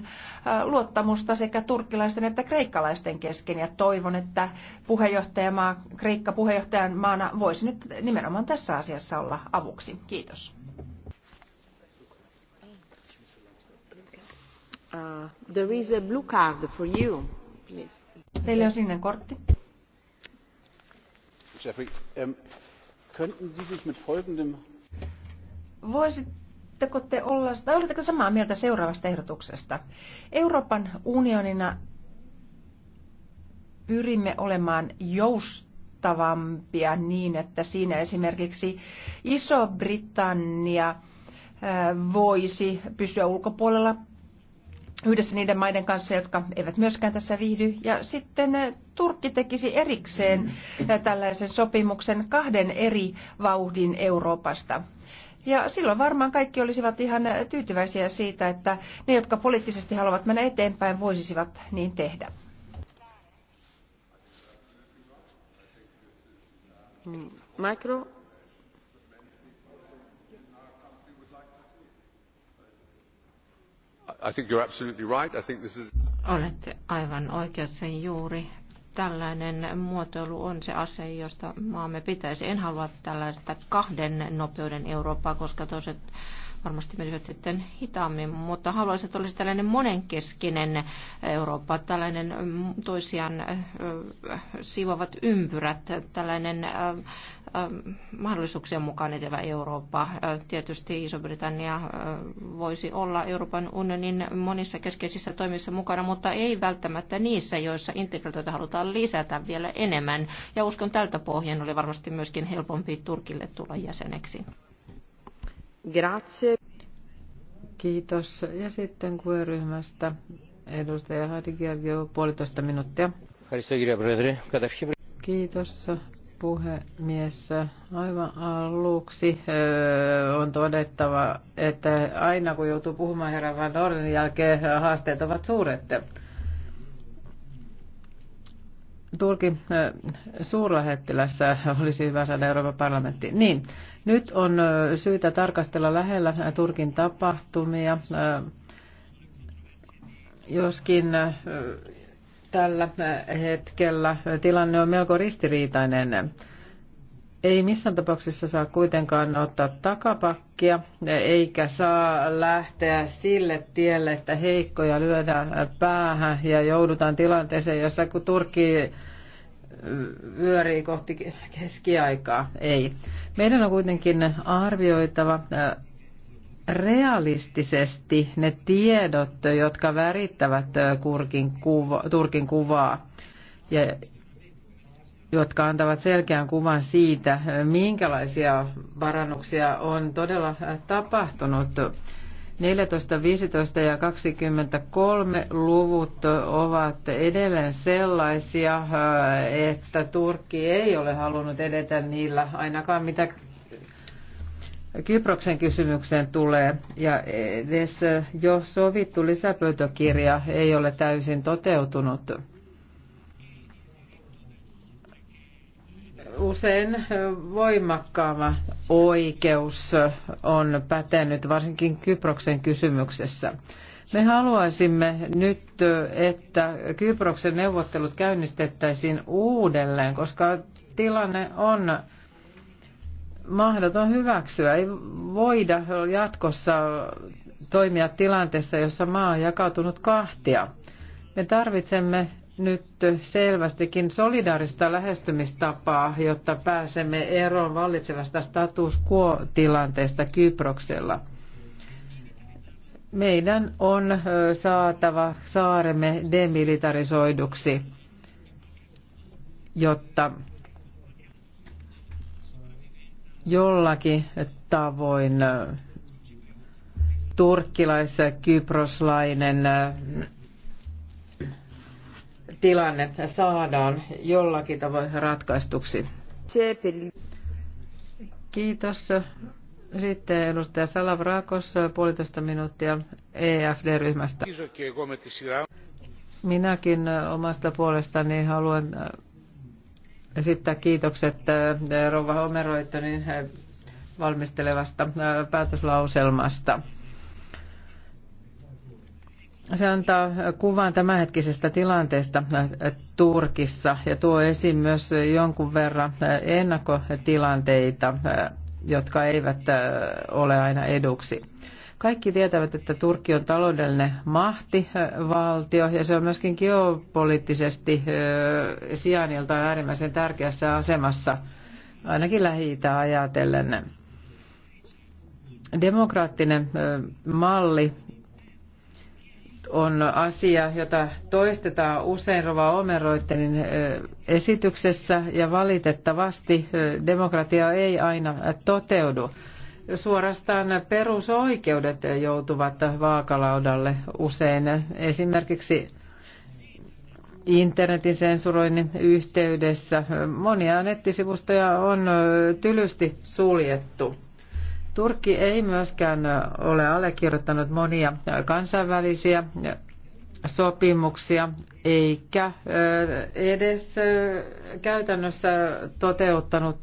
äh, luottamusta sekä turkkilaisten että kreikkalaisten kesken ja toivon, että puheenjohtajamaa Kreikka puheenjohtajamaa puheenjohtajan maana voisi nyt nimenomaan tässä asiassa olla avuksi. Kiitos. Uh, there is a blue card for you, please. Teille on sinne kortti. Jeffrey, um, könnten Sie sich mit folgendem... Voisitteko te olla, tai oletteko samaa mieltä seuraavasta ehdotuksesta? Euroopan unionina pyrimme olemaan joust kattavampia niin, että siinä esimerkiksi Iso-Britannia voisi pysyä ulkopuolella yhdessä niiden maiden kanssa, jotka eivät myöskään tässä viihdy. Ja sitten Turkki tekisi erikseen tällaisen sopimuksen kahden eri vauhdin Euroopasta. Ja silloin varmaan kaikki olisivat ihan tyytyväisiä siitä, että ne, jotka poliittisesti haluavat mennä eteenpäin, voisivat niin tehdä. I think you're absolutely right. I think this is... Olette aivan oikeassa juuri tällainen muotoilu on se ase, josta maamme pitäisi. En halua tällaista kahden nopeuden Eurooppaa, koska toiset varmasti menisivät sitten hitaammin, mutta haluaisin, että olisi tällainen monenkeskinen Eurooppa, tällainen toisiaan sivovat ympyrät, tällainen mahdollisuuksien mukaan etevä Eurooppa. Tietysti Iso-Britannia voisi olla Euroopan unionin monissa keskeisissä toimissa mukana, mutta ei välttämättä niissä, joissa integraatiota halutaan lisätä vielä enemmän. Ja uskon tältä pohjan oli varmasti myöskin helpompi Turkille tulla jäseneksi. Grazie. Kiitos. Ja sitten qe edustaja edustaja Hadigiavio, puolitoista minuuttia. Kiitos puhemies. Aivan aluksi on todettava, että aina kun joutuu puhumaan herra Van Orden jälkeen, haasteet ovat suuret. Turkin suurlähettilässä olisi hyvä saada Euroopan parlamentti Niin, nyt on syytä tarkastella lähellä äh, Turkin tapahtumia, äh, joskin äh, tällä hetkellä tilanne on melko ristiriitainen. Ei missään tapauksessa saa kuitenkaan ottaa takapakkia, eikä saa lähteä sille tielle, että heikkoja lyödään päähän ja joudutaan tilanteeseen, jossa kun Turkki vyörii kohti keskiaikaa. Ei. Meidän on kuitenkin arvioitava realistisesti ne tiedot, jotka värittävät Kurkin kuva, Turkin kuvaa ja jotka antavat selkeän kuvan siitä, minkälaisia parannuksia on todella tapahtunut. 14, 15 ja 23 luvut ovat edelleen sellaisia, äh, että Turkki ei ole halunnut edetä niillä ainakaan mitä Kyproksen kysymykseen tulee. Ja edes jo sovittu lisäpöytäkirja ei ole täysin toteutunut. usein voimakkaava oikeus on pätenyt, varsinkin Kyproksen kysymyksessä. Me haluaisimme nyt, että Kyproksen neuvottelut käynnistettäisiin uudelleen, koska tilanne on mahdoton hyväksyä. Ei voida jatkossa toimia tilanteessa, jossa maa on jakautunut kahtia. Me tarvitsemme nyt selvästikin solidaarista lähestymistapaa, jotta pääsemme eroon vallitsevasta status quo-tilanteesta Kyproksella. Meidän on saatava saaremme demilitarisoiduksi, jotta jollakin tavoin turkkilais-kyproslainen tilanne saadaan jollakin tavoin ratkaistuksi. Kiitos. Sitten edustaja Salavrakos, puolitoista minuuttia EFD-ryhmästä. Minäkin omasta puolestani haluan äh, esittää kiitokset äh, Rova Homeroittonin äh, valmistelevasta päätöslauselmasta. Se antaa kuvan tämänhetkisestä tilanteesta Turkissa ja tuo esiin myös jonkun verran ennakkotilanteita, jotka eivät ole aina eduksi. Kaikki tietävät, että Turkki on taloudellinen mahtivaltio ja se on myöskin geopoliittisesti sijainnilta äärimmäisen tärkeässä asemassa, ainakin lähi ajatellen. Demokraattinen malli on asia, jota toistetaan usein Rova Omeroittenin esityksessä ja valitettavasti demokratia ei aina toteudu. Suorastaan perusoikeudet joutuvat vaakalaudalle usein. Esimerkiksi internetin sensuroinnin yhteydessä monia nettisivustoja on tylysti suljettu Turkki ei myöskään ole allekirjoittanut monia kansainvälisiä sopimuksia eikä edes käytännössä toteuttanut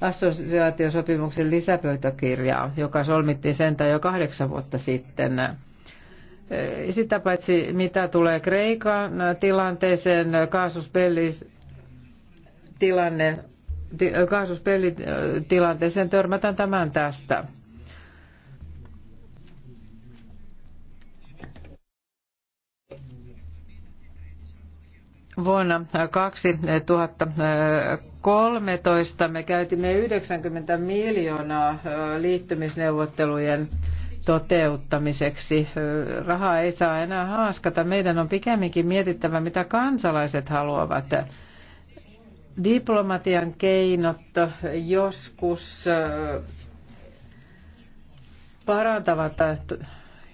assosiaatiosopimuksen lisäpöytäkirjaa, joka solmittiin sentään jo kahdeksan vuotta sitten. Sitä paitsi mitä tulee Kreikan tilanteeseen, Kaasus tilanne kaasuspellitilanteeseen törmätään tämän tästä. Vuonna 2013 me käytimme 90 miljoonaa liittymisneuvottelujen toteuttamiseksi. Rahaa ei saa enää haaskata. Meidän on pikemminkin mietittävä, mitä kansalaiset haluavat. Diplomatian keinot joskus parantavat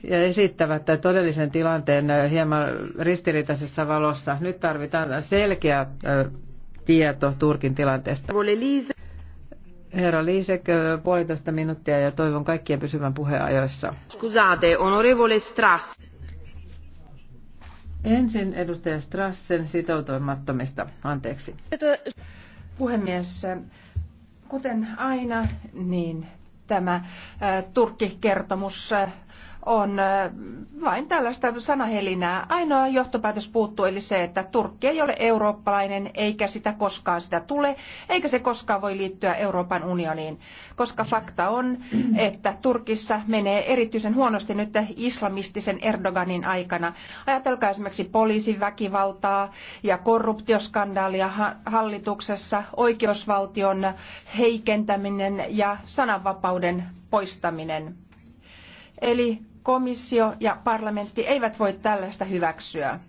ja esittävät todellisen tilanteen hieman ristiriitaisessa valossa. Nyt tarvitaan selkeä tieto Turkin tilanteesta. Herra Liisek, puolitoista minuuttia ja toivon kaikkien pysyvän puheajoissa. Scusate, onorevole Strass. Ensin edustaja Strassen sitoutumattomista. Anteeksi. Puhemies, kuten aina, niin tämä Turkki-kertomus on vain tällaista sanahelinää. Ainoa johtopäätös puuttuu eli se, että Turkki ei ole eurooppalainen eikä sitä koskaan sitä tule, eikä se koskaan voi liittyä Euroopan unioniin. Koska fakta on, että Turkissa menee erityisen huonosti nyt islamistisen Erdoganin aikana. Ajatelkaa esimerkiksi poliisin väkivaltaa ja korruptioskandaalia hallituksessa, oikeusvaltion heikentäminen ja sananvapauden poistaminen. Eli komissio ja parlamentti eivät voi tällaista hyväksyä.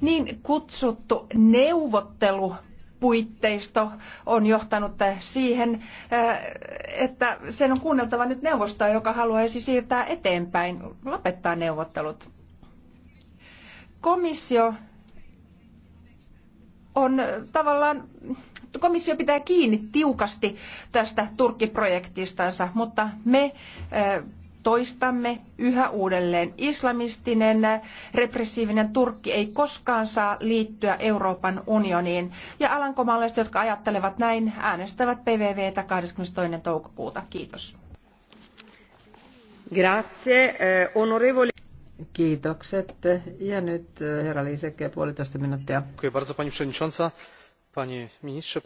Niin kutsuttu neuvottelu puitteisto on johtanut siihen, eh, että sen on kuunneltava nyt neuvostoa, joka haluaisi siirtää eteenpäin, lopettaa neuvottelut. Komissio on tavallaan, komissio pitää kiinni tiukasti tästä Turkki-projektistansa, mutta me eh, toistamme yhä uudelleen. Islamistinen repressiivinen Turkki ei koskaan saa liittyä Euroopan unioniin. Ja alankomaalaiset, jotka ajattelevat näin, äänestävät PVVtä 22. toukokuuta. Kiitos. Grazie, eh, onorevoli. Kiitokset. Ja nyt eh, herra Liiseke, puolitoista minuuttia. bardzo, pani przewodnicząca, panie ministrze,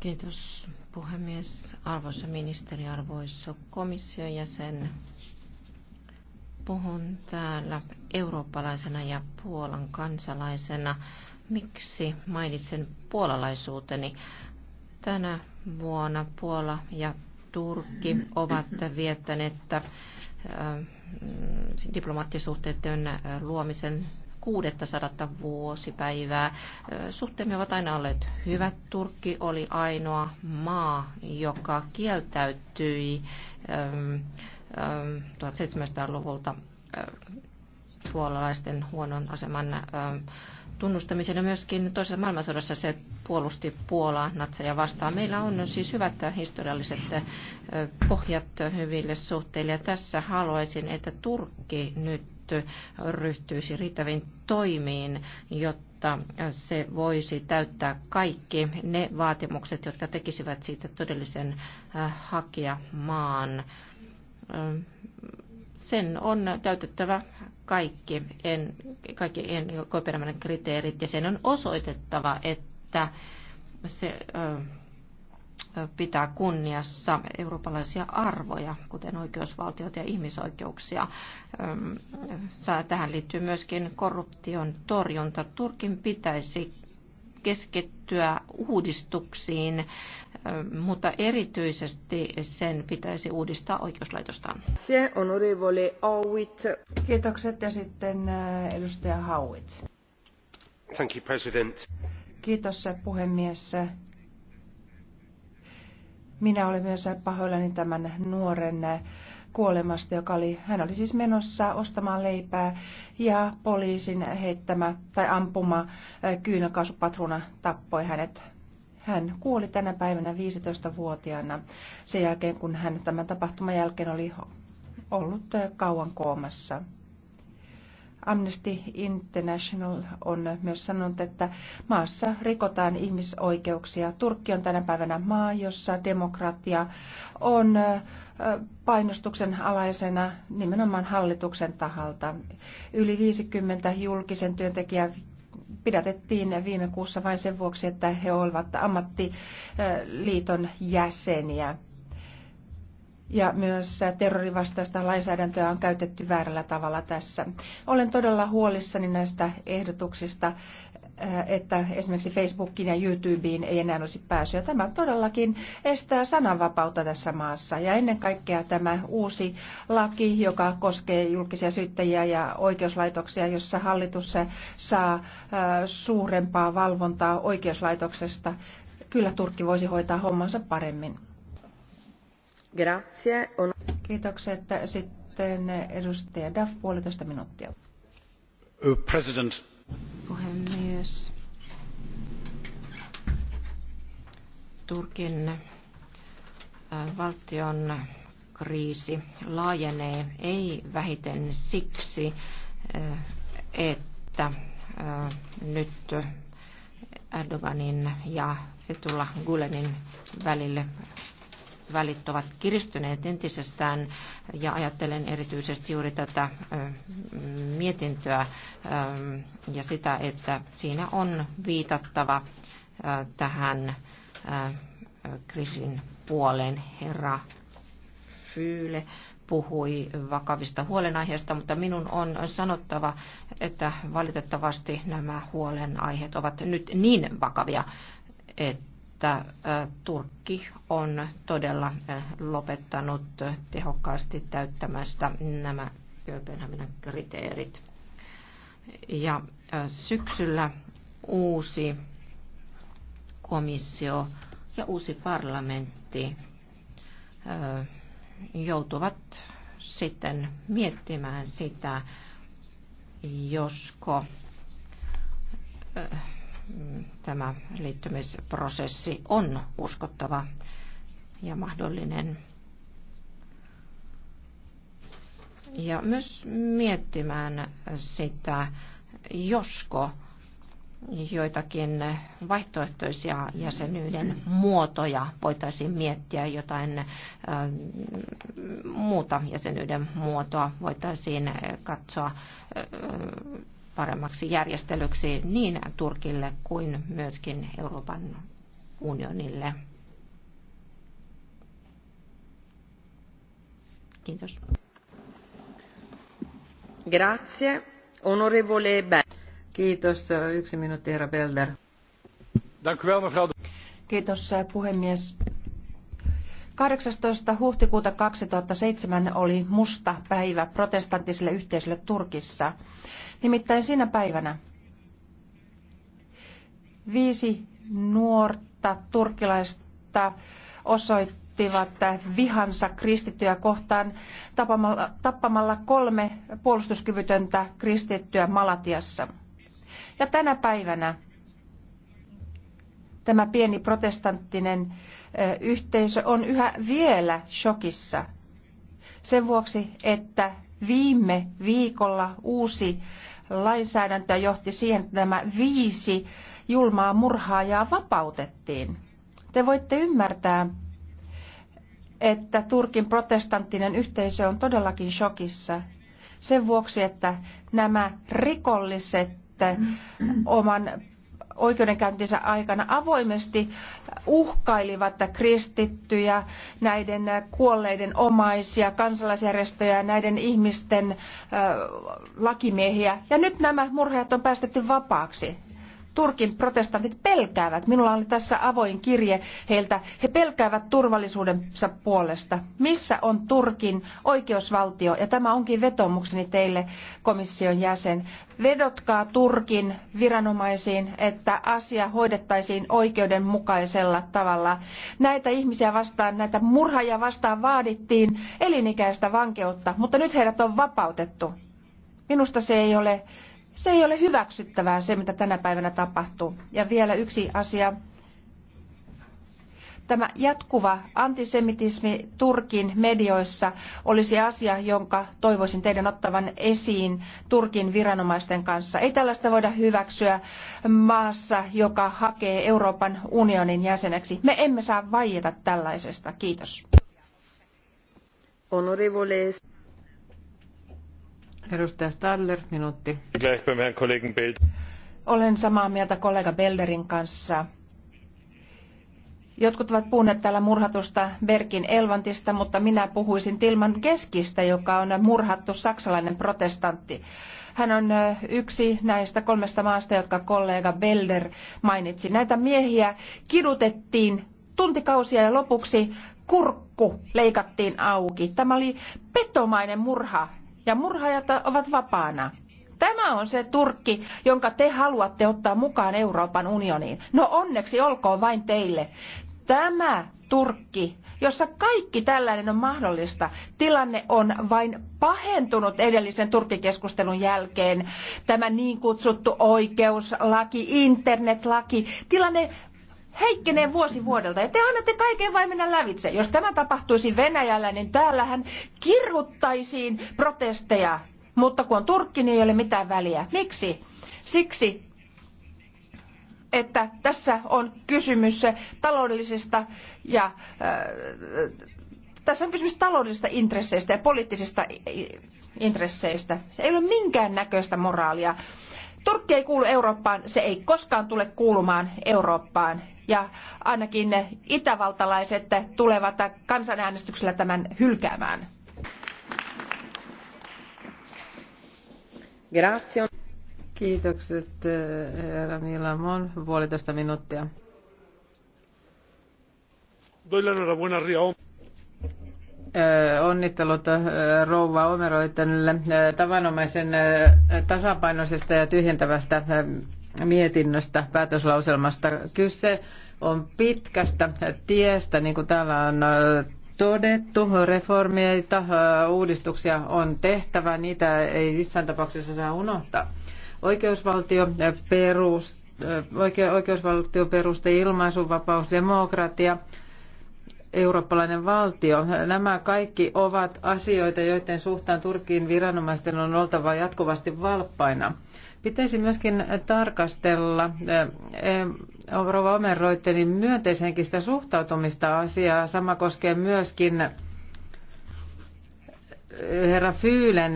Kiitos, puhemies, arvoisa ministeri, arvoisa komission jäsen. Puhun täällä eurooppalaisena ja Puolan kansalaisena. Miksi mainitsen puolalaisuuteni? Tänä vuonna Puola ja Turkki ovat viettäneet äh, mm, diplomaattisuhteiden luomisen 600 vuosipäivää. Äh, suhteemme ovat aina olleet hyvät. Turkki oli ainoa maa, joka kieltäytyi ähm, 1700-luvulta ähm, äh, puolalaisten huonon aseman ähm, tunnustamisen ja myöskin toisessa maailmansodassa se puolusti Puolaa natseja vastaan. Meillä on siis hyvät historialliset äh, pohjat hyville suhteille ja tässä haluaisin, että Turkki nyt ryhtyisi riittäviin toimiin, jotta se voisi täyttää kaikki ne vaatimukset, jotka tekisivät siitä todellisen äh, hakijamaan. maan sen on täytettävä kaikki, en, kaikki en, koiperämäinen kriteerit ja sen on osoitettava, että se ö, pitää kunniassa eurooppalaisia arvoja, kuten oikeusvaltiota ja ihmisoikeuksia. Tähän liittyy myöskin korruption torjunta. Turkin pitäisi keskittyä uudistuksiin, mutta erityisesti sen pitäisi uudistaa oikeuslaitostaan. Se on urivoli Howitt. Kiitokset ja sitten edustaja Howitt. Thank you, President. Kiitos puhemies. Minä olen myös pahoillani tämän nuoren kuolemasta, joka oli, hän oli siis menossa ostamaan leipää ja poliisin heittämä tai ampuma kyynäkaasupatruna tappoi hänet. Hän kuoli tänä päivänä 15-vuotiaana sen jälkeen, kun hän tämän tapahtuman jälkeen oli ollut kauan koomassa. Amnesty International on myös sanonut, että maassa rikotaan ihmisoikeuksia. Turkki on tänä päivänä maa, jossa demokratia on painostuksen alaisena nimenomaan hallituksen taholta. Yli 50 julkisen työntekijää pidätettiin viime kuussa vain sen vuoksi, että he olivat ammattiliiton jäseniä ja myös terrorivastaista lainsäädäntöä on käytetty väärällä tavalla tässä. Olen todella huolissani näistä ehdotuksista, eh, että esimerkiksi Facebookiin ja YouTubeen ei enää olisi pääsyä. Tämä todellakin estää sananvapautta tässä maassa ja ennen kaikkea tämä uusi laki, joka koskee julkisia syyttäjiä ja oikeuslaitoksia, jossa hallitus saa eh, suurempaa valvontaa oikeuslaitoksesta. Kyllä Turkki voisi hoitaa hommansa paremmin. Grazie. On... Kiitokset. Sitten edustaja Duff, puolitoista minuuttia. Uh, President. Puhemies. Turkin äh, valtion kriisi laajenee ei vähiten siksi, äh, että äh, nyt Erdoganin ja Fethullah Gulenin välille välit ovat kiristyneet entisestään ja ajattelen erityisesti juuri tätä mietintöä ja sitä, että siinä on viitattava tähän kriisin puoleen. Herra Fyyle puhui vakavista huolenaiheista, mutta minun on sanottava, että valitettavasti nämä huolenaiheet ovat nyt niin vakavia, että että Turkki on todella lopettanut tehokkaasti täyttämästä nämä Kööpenhaminan kriteerit. Ja syksyllä uusi komissio ja uusi parlamentti joutuvat sitten miettimään sitä, josko tämä liittymisprosessi on uskottava ja mahdollinen. Ja myös miettimään sitä, josko joitakin vaihtoehtoisia jäsenyyden muotoja voitaisiin miettiä, jotain muuta jäsenyyden muotoa voitaisiin katsoa paremmaksi järjestelyksi niin Turkille kuin myöskin Euroopan unionille. Kiitos. Grazie. Onorevole Be- Kiitos. Yksi minuutti, herra Belder. Kiitos eh, puhemies. 18. huhtikuuta 2007 oli musta päivä protestanttiselle yhteisölle Turkissa. Nimittäin sinä päivänä viisi nuorta turkilaista osoittivat vihansa kristittyjä kohtaan tapamalla, tappamalla kolme puolustuskyvytöntä kristittyä Malatiassa. Ja tänä päivänä tämä pieni protestanttinen yhteisö on yhä vielä shokissa sen vuoksi, että viime viikolla uusi lainsäädäntö johti siihen, että nämä viisi julmaa murhaajaa vapautettiin. Te voitte ymmärtää, että Turkin protestanttinen yhteisö on todellakin shokissa sen vuoksi, että nämä rikolliset oman oikeudenkäyntinsä aikana avoimesti uhkailivat kristittyjä, näiden kuolleiden omaisia, kansalaisjärjestöjä, näiden ihmisten lakimiehiä. Ja nyt nämä murheet on päästetty vapaaksi. Turkin protestantit pelkäävät. Minulla oli tässä avoin kirje heiltä. He pelkäävät turvallisuudensa puolesta. Missä on Turkin oikeusvaltio? Ja tämä onkin vetomukseni teille, komission jäsen. Vedotkaa Turkin viranomaisiin, että asia hoidettaisiin oikeudenmukaisella tavalla. Näitä ihmisiä vastaan, näitä murhaajia vastaan vaadittiin elinikäistä vankeutta, mutta nyt heidät on vapautettu. Minusta se ei ole se ei ole hyväksyttävää se, mitä tänä päivänä tapahtuu. Ja vielä yksi asia. Tämä jatkuva antisemitismi Turkin medioissa olisi asia, jonka toivoisin teidän ottavan esiin Turkin viranomaisten kanssa. Ei tällaista voida hyväksyä maassa, joka hakee Euroopan unionin jäseneksi. Me emme saa vaieta tällaisesta. Kiitos. Honorevoles. Edustaja Stadler, minuutti. Olen samaa mieltä kollega Belderin kanssa. Jotkut ovat puhuneet täällä murhatusta Berkin Elvantista, mutta minä puhuisin Tilman Keskistä, joka on murhattu saksalainen protestantti. Hän on yksi näistä kolmesta maasta, jotka kollega Belder mainitsi. Näitä miehiä kidutettiin tuntikausia ja lopuksi kurkku leikattiin auki. Tämä oli petomainen murha ja murhaajat ovat vapaana. Tämä on se Turkki, jonka te haluatte ottaa mukaan Euroopan unioniin. No onneksi olkoon vain teille. Tämä Turkki, jossa kaikki tällainen on mahdollista. Tilanne on vain pahentunut edellisen turkkikeskustelun jälkeen. Tämä niin kutsuttu oikeuslaki, internetlaki, tilanne heikkenee vuosi vuodelta ja te annatte kaiken vain mennä lävitse. Jos tämä tapahtuisi Venäjällä, niin täällähän kirruttaisiin protesteja, mutta kun on Turkki, niin ei ole mitään väliä. Miksi? Siksi, että tässä on kysymys taloudellisista ja äh, tässä on kysymys taloudellisista intresseistä ja poliittisista intresseistä. Se ei ole minkään näköistä moraalia. Turkki ei kuulu Eurooppaan, se ei koskaan tule kuulumaan Eurooppaan ja ainakin itävaltalaiset tulevat kansanäänestyksellä tämän hylkäämään. Kiitokset, eh, herra Milamon. Puolitoista minuuttia. Eh, onnittelut eh, rouva Omeroitenille tavanomaisen tasapainoisesta ja tyhjentävästä mietinnöstä, päätöslauselmasta. Kyse on pitkästä tiestä, niin kuin täällä on äh, todettu, reformeita, äh, uudistuksia on tehtävä, niitä ei missään tapauksessa saa unohtaa. Oikeusvaltio, äh, perus, oike, oikeusvaltio peruste, ilmaisuvapaus, demokratia, eurooppalainen valtio. Nämä kaikki ovat asioita, joiden suhtaan Turkin viranomaisten on oltava jatkuvasti valppaina. Pitäisi myöskin tarkastella eh, eh, Rova Omerroittenin myönteisenkin suhtautumista asiaa. Sama koskee myöskin eh, herra Fyylen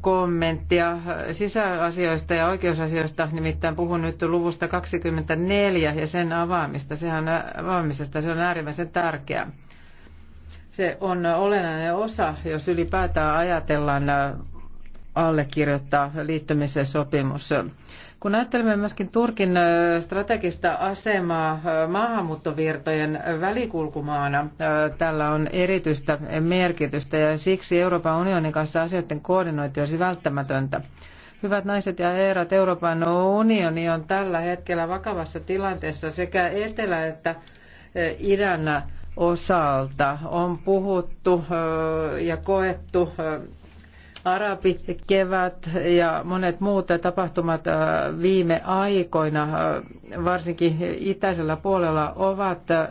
kommenttia sisäasioista ja oikeusasioista, nimittäin puhun nyt luvusta 24 ja sen avaamista. Sehän avaamisesta se on äärimmäisen tärkeää. Se on olennainen osa, jos ylipäätään ajatellaan allekirjoittaa liittymisen sopimus. Kun ajattelemme myöskin Turkin strategista asemaa maahanmuuttovirtojen välikulkumaana, tällä on erityistä merkitystä ja siksi Euroopan unionin kanssa asioiden koordinointi olisi välttämätöntä. Hyvät naiset ja herrat, Euroopan unioni on tällä hetkellä vakavassa tilanteessa sekä etelä- että idän osalta. On puhuttu ja koettu arabikevät ja monet muut tapahtumat äh, viime aikoina, äh, varsinkin itäisellä puolella, ovat äh,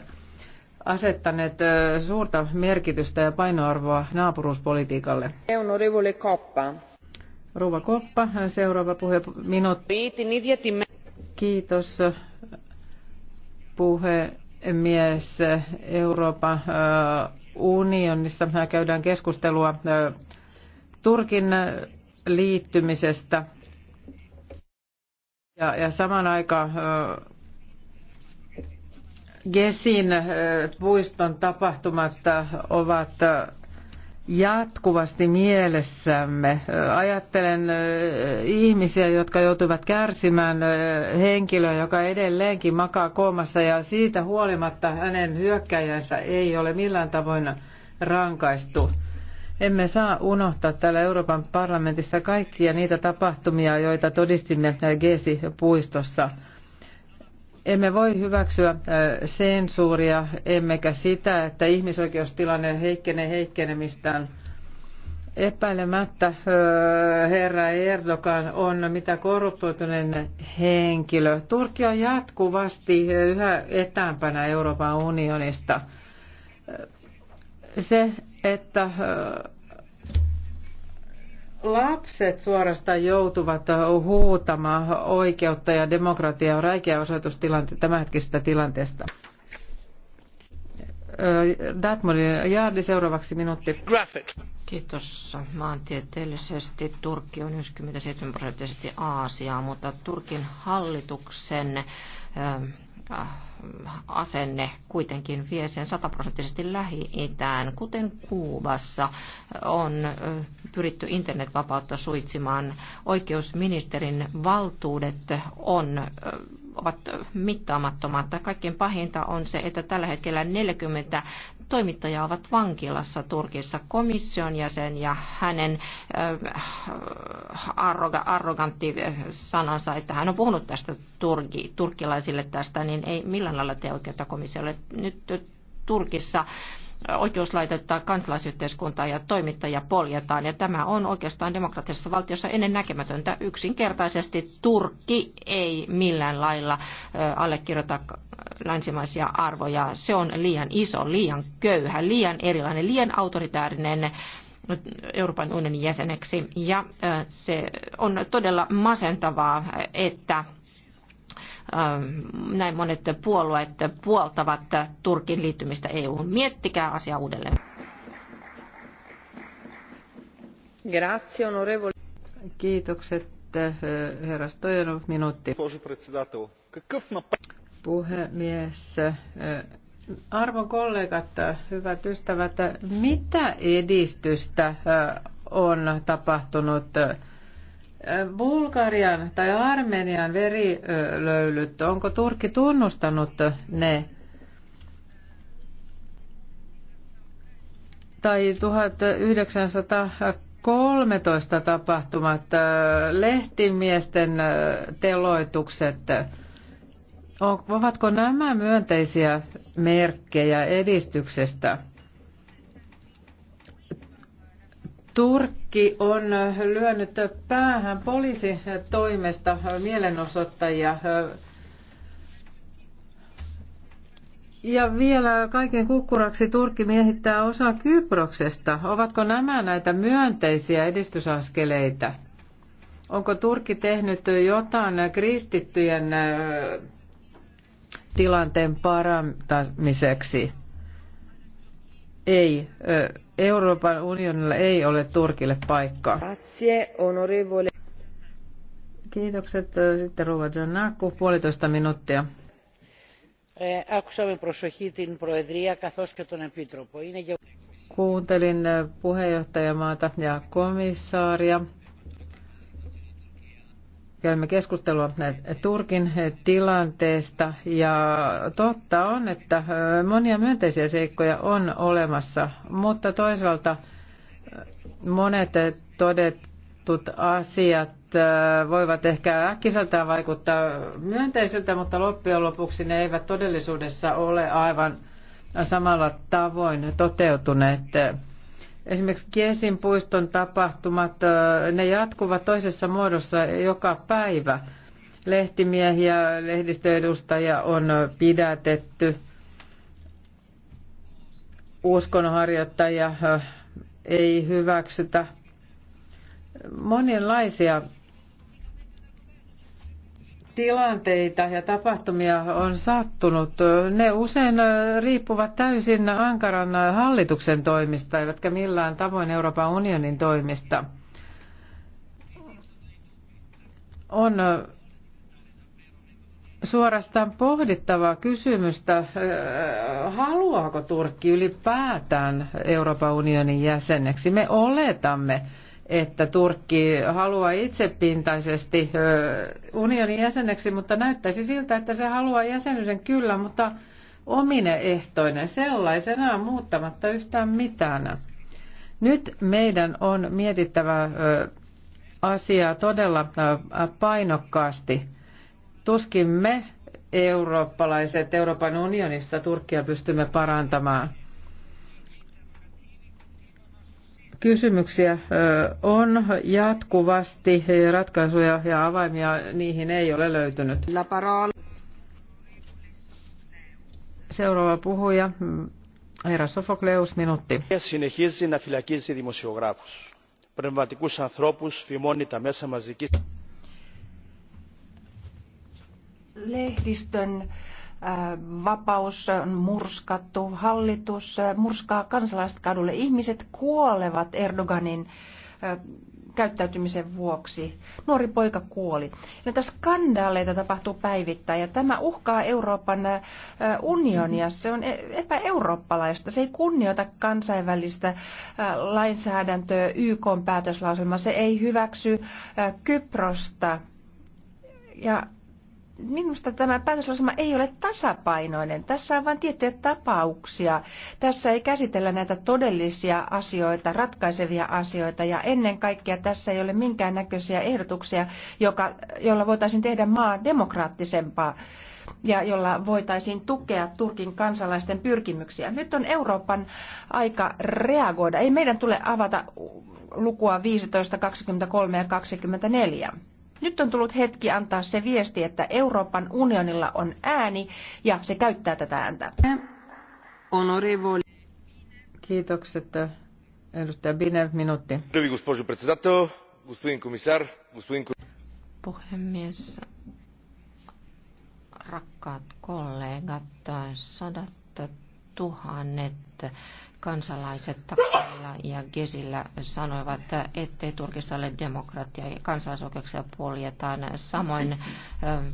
asettaneet suurta merkitystä ja painoarvoa naapuruuspolitiikalle. Honorevole Koppa. Rouva Koppa, seuraava puhe minuutti. Kiitos puhemies. Euroopan unionissa käydään keskustelua Turkin liittymisestä. Ja, ja saman aikaan Gesin puiston tapahtumat ovat jatkuvasti mielessämme. Ajattelen ihmisiä, jotka joutuvat kärsimään henkilöä, joka edelleenkin makaa koomassa ja siitä huolimatta hänen hyökkäjänsä ei ole millään tavoin rankaistu. Emme saa unohtaa täällä Euroopan parlamentissa kaikkia niitä tapahtumia, joita todistimme Gesi-puistossa. Emme voi hyväksyä äh, sensuuria, emmekä sitä, että ihmisoikeustilanne heikkenee heikkenemistään. Epäilemättä äh, herra Erdogan on mitä korruptoituneen henkilö. Turkki on jatkuvasti yhä etäämpänä Euroopan unionista. Äh, se että äh, lapset suorastaan joutuvat äh, huutamaan oikeutta ja demokratiaa. On räikeä osoitus tämänhetkisestä tilanteesta. Äh, Datmodin Jaardi seuraavaksi minuutti. Graphic. Kiitos. Maantieteellisesti Turkki on 97 prosenttisesti Aasiaa, mutta Turkin hallituksen äh, asenne kuitenkin vie sen sataprosenttisesti lähi-itään, kuten Kuubassa on pyritty internetvapautta suitsimaan. Oikeusministerin valtuudet on ovat mittaamattomat. Kaikkein pahinta on se, että tällä hetkellä 40 toimittajaa ovat vankilassa Turkissa. Komission jäsen ja hänen äh, arroga, arrogantti äh, sanansa, että hän on puhunut tästä turki, turkkilaisille tästä, niin ei millään lailla tee oikeutta komissiolle. Nyt Turkissa oikeuslaitetta, kansalaisyhteiskuntaa ja toimittajia poljetaan. Ja tämä on oikeastaan demokraattisessa valtiossa ennen näkemätöntä. Yksinkertaisesti Turkki ei millään lailla allekirjoita länsimaisia arvoja. Se on liian iso, liian köyhä, liian erilainen, liian autoritäärinen Euroopan unionin jäseneksi. Ja se on todella masentavaa, että Ähm, näin monet puolueet puoltavat Turkin liittymistä EU:hun. Miettikää asia uudelleen. Grazie, onorevole. Kiitokset, eh, herra Stojanov, minuutti. Puhemies, eh, arvon kollegat, hyvät ystävät, mitä edistystä eh, on tapahtunut Bulgarian tai Armenian verilöylyt, onko Turkki tunnustanut ne? Tai 1913 tapahtumat lehtimiesten teloitukset, ovatko nämä myönteisiä merkkejä edistyksestä? Turkki on lyönyt päähän poliisitoimesta mielenosoittajia. Ja vielä kaiken kukkuraksi Turkki miehittää osa Kyproksesta. Ovatko nämä näitä myönteisiä edistysaskeleita? Onko Turkki tehnyt jotain kristittyjen tilanteen parantamiseksi? ei, Euroopan unionilla ei ole Turkille paikkaa. Kiitokset. Sitten Ruva Giannaku, puolitoista minuuttia. Kuuntelin puheenjohtajamaata ja komissaaria käymme keskustelua Turkin tilanteesta ja totta on, että monia myönteisiä seikkoja on olemassa, mutta toisaalta monet todettut asiat voivat ehkä äkkiseltään vaikuttaa myönteisiltä, mutta loppujen lopuksi ne eivät todellisuudessa ole aivan samalla tavoin toteutuneet. Esimerkiksi Kiesin puiston tapahtumat, ne jatkuvat toisessa muodossa joka päivä. Lehtimiehiä, lehdistöedustajia on pidätetty, uskonnonharjoittajia ei hyväksytä. Monenlaisia tilanteita ja tapahtumia on sattunut, ne usein riippuvat täysin Ankaran hallituksen toimista, eivätkä millään tavoin Euroopan unionin toimista. On suorastaan pohdittava kysymystä, haluaako Turkki ylipäätään Euroopan unionin jäseneksi. Me oletamme, että Turkki haluaa itsepintaisesti unionin jäseneksi, mutta näyttäisi siltä, että se haluaa jäsenyyden kyllä, mutta omine ehtoinen sellaisenaan muuttamatta yhtään mitään. Nyt meidän on mietittävä asiaa todella painokkaasti. Tuskin me eurooppalaiset Euroopan unionissa Turkkia pystymme parantamaan – kysymyksiä on jatkuvasti, ratkaisuja ja avaimia niihin ei ole löytynyt. Seuraava puhuja, herra Sofokleus, minuutti. Συνεχίζει να φυλακίζει δημοσιογράφους, πνευματικούς ανθρώπους, φημώνει τα μέσα μαζικής... Lehdistön vapaus on murskattu, hallitus murskaa kansalaiset kadulle. Ihmiset kuolevat Erdoganin käyttäytymisen vuoksi. Nuori poika kuoli. Näitä skandaaleita tapahtuu päivittäin ja tämä uhkaa Euroopan unionia. Se on e-, epäeurooppalaista. Se ei kunnioita kansainvälistä lainsäädäntöä, YK päätöslauselma. Se ei hyväksy Kyprosta. Ja minusta tämä päätöslausuma ei ole tasapainoinen. Tässä on vain tiettyjä tapauksia. Tässä ei käsitellä näitä todellisia asioita, ratkaisevia asioita ja ennen kaikkea tässä ei ole minkäännäköisiä ehdotuksia, joka, jolla voitaisiin tehdä maa demokraattisempaa ja jolla voitaisiin tukea Turkin kansalaisten pyrkimyksiä. Nyt on Euroopan aika reagoida. Ei meidän tule avata lukua 15, 23 ja 24 nyt on tullut hetki antaa se viesti, että Euroopan unionilla on ääni ja se käyttää tätä ääntä. Kiitokset. Edustaja Binev, minuutti. Puhemies, rakkaat kollegat, sadat tuhannet kansalaiset Taksalla ja Gesillä sanoivat, ettei Turkissa ole demokratia ja kansalaisoikeuksia poljetaan, samoin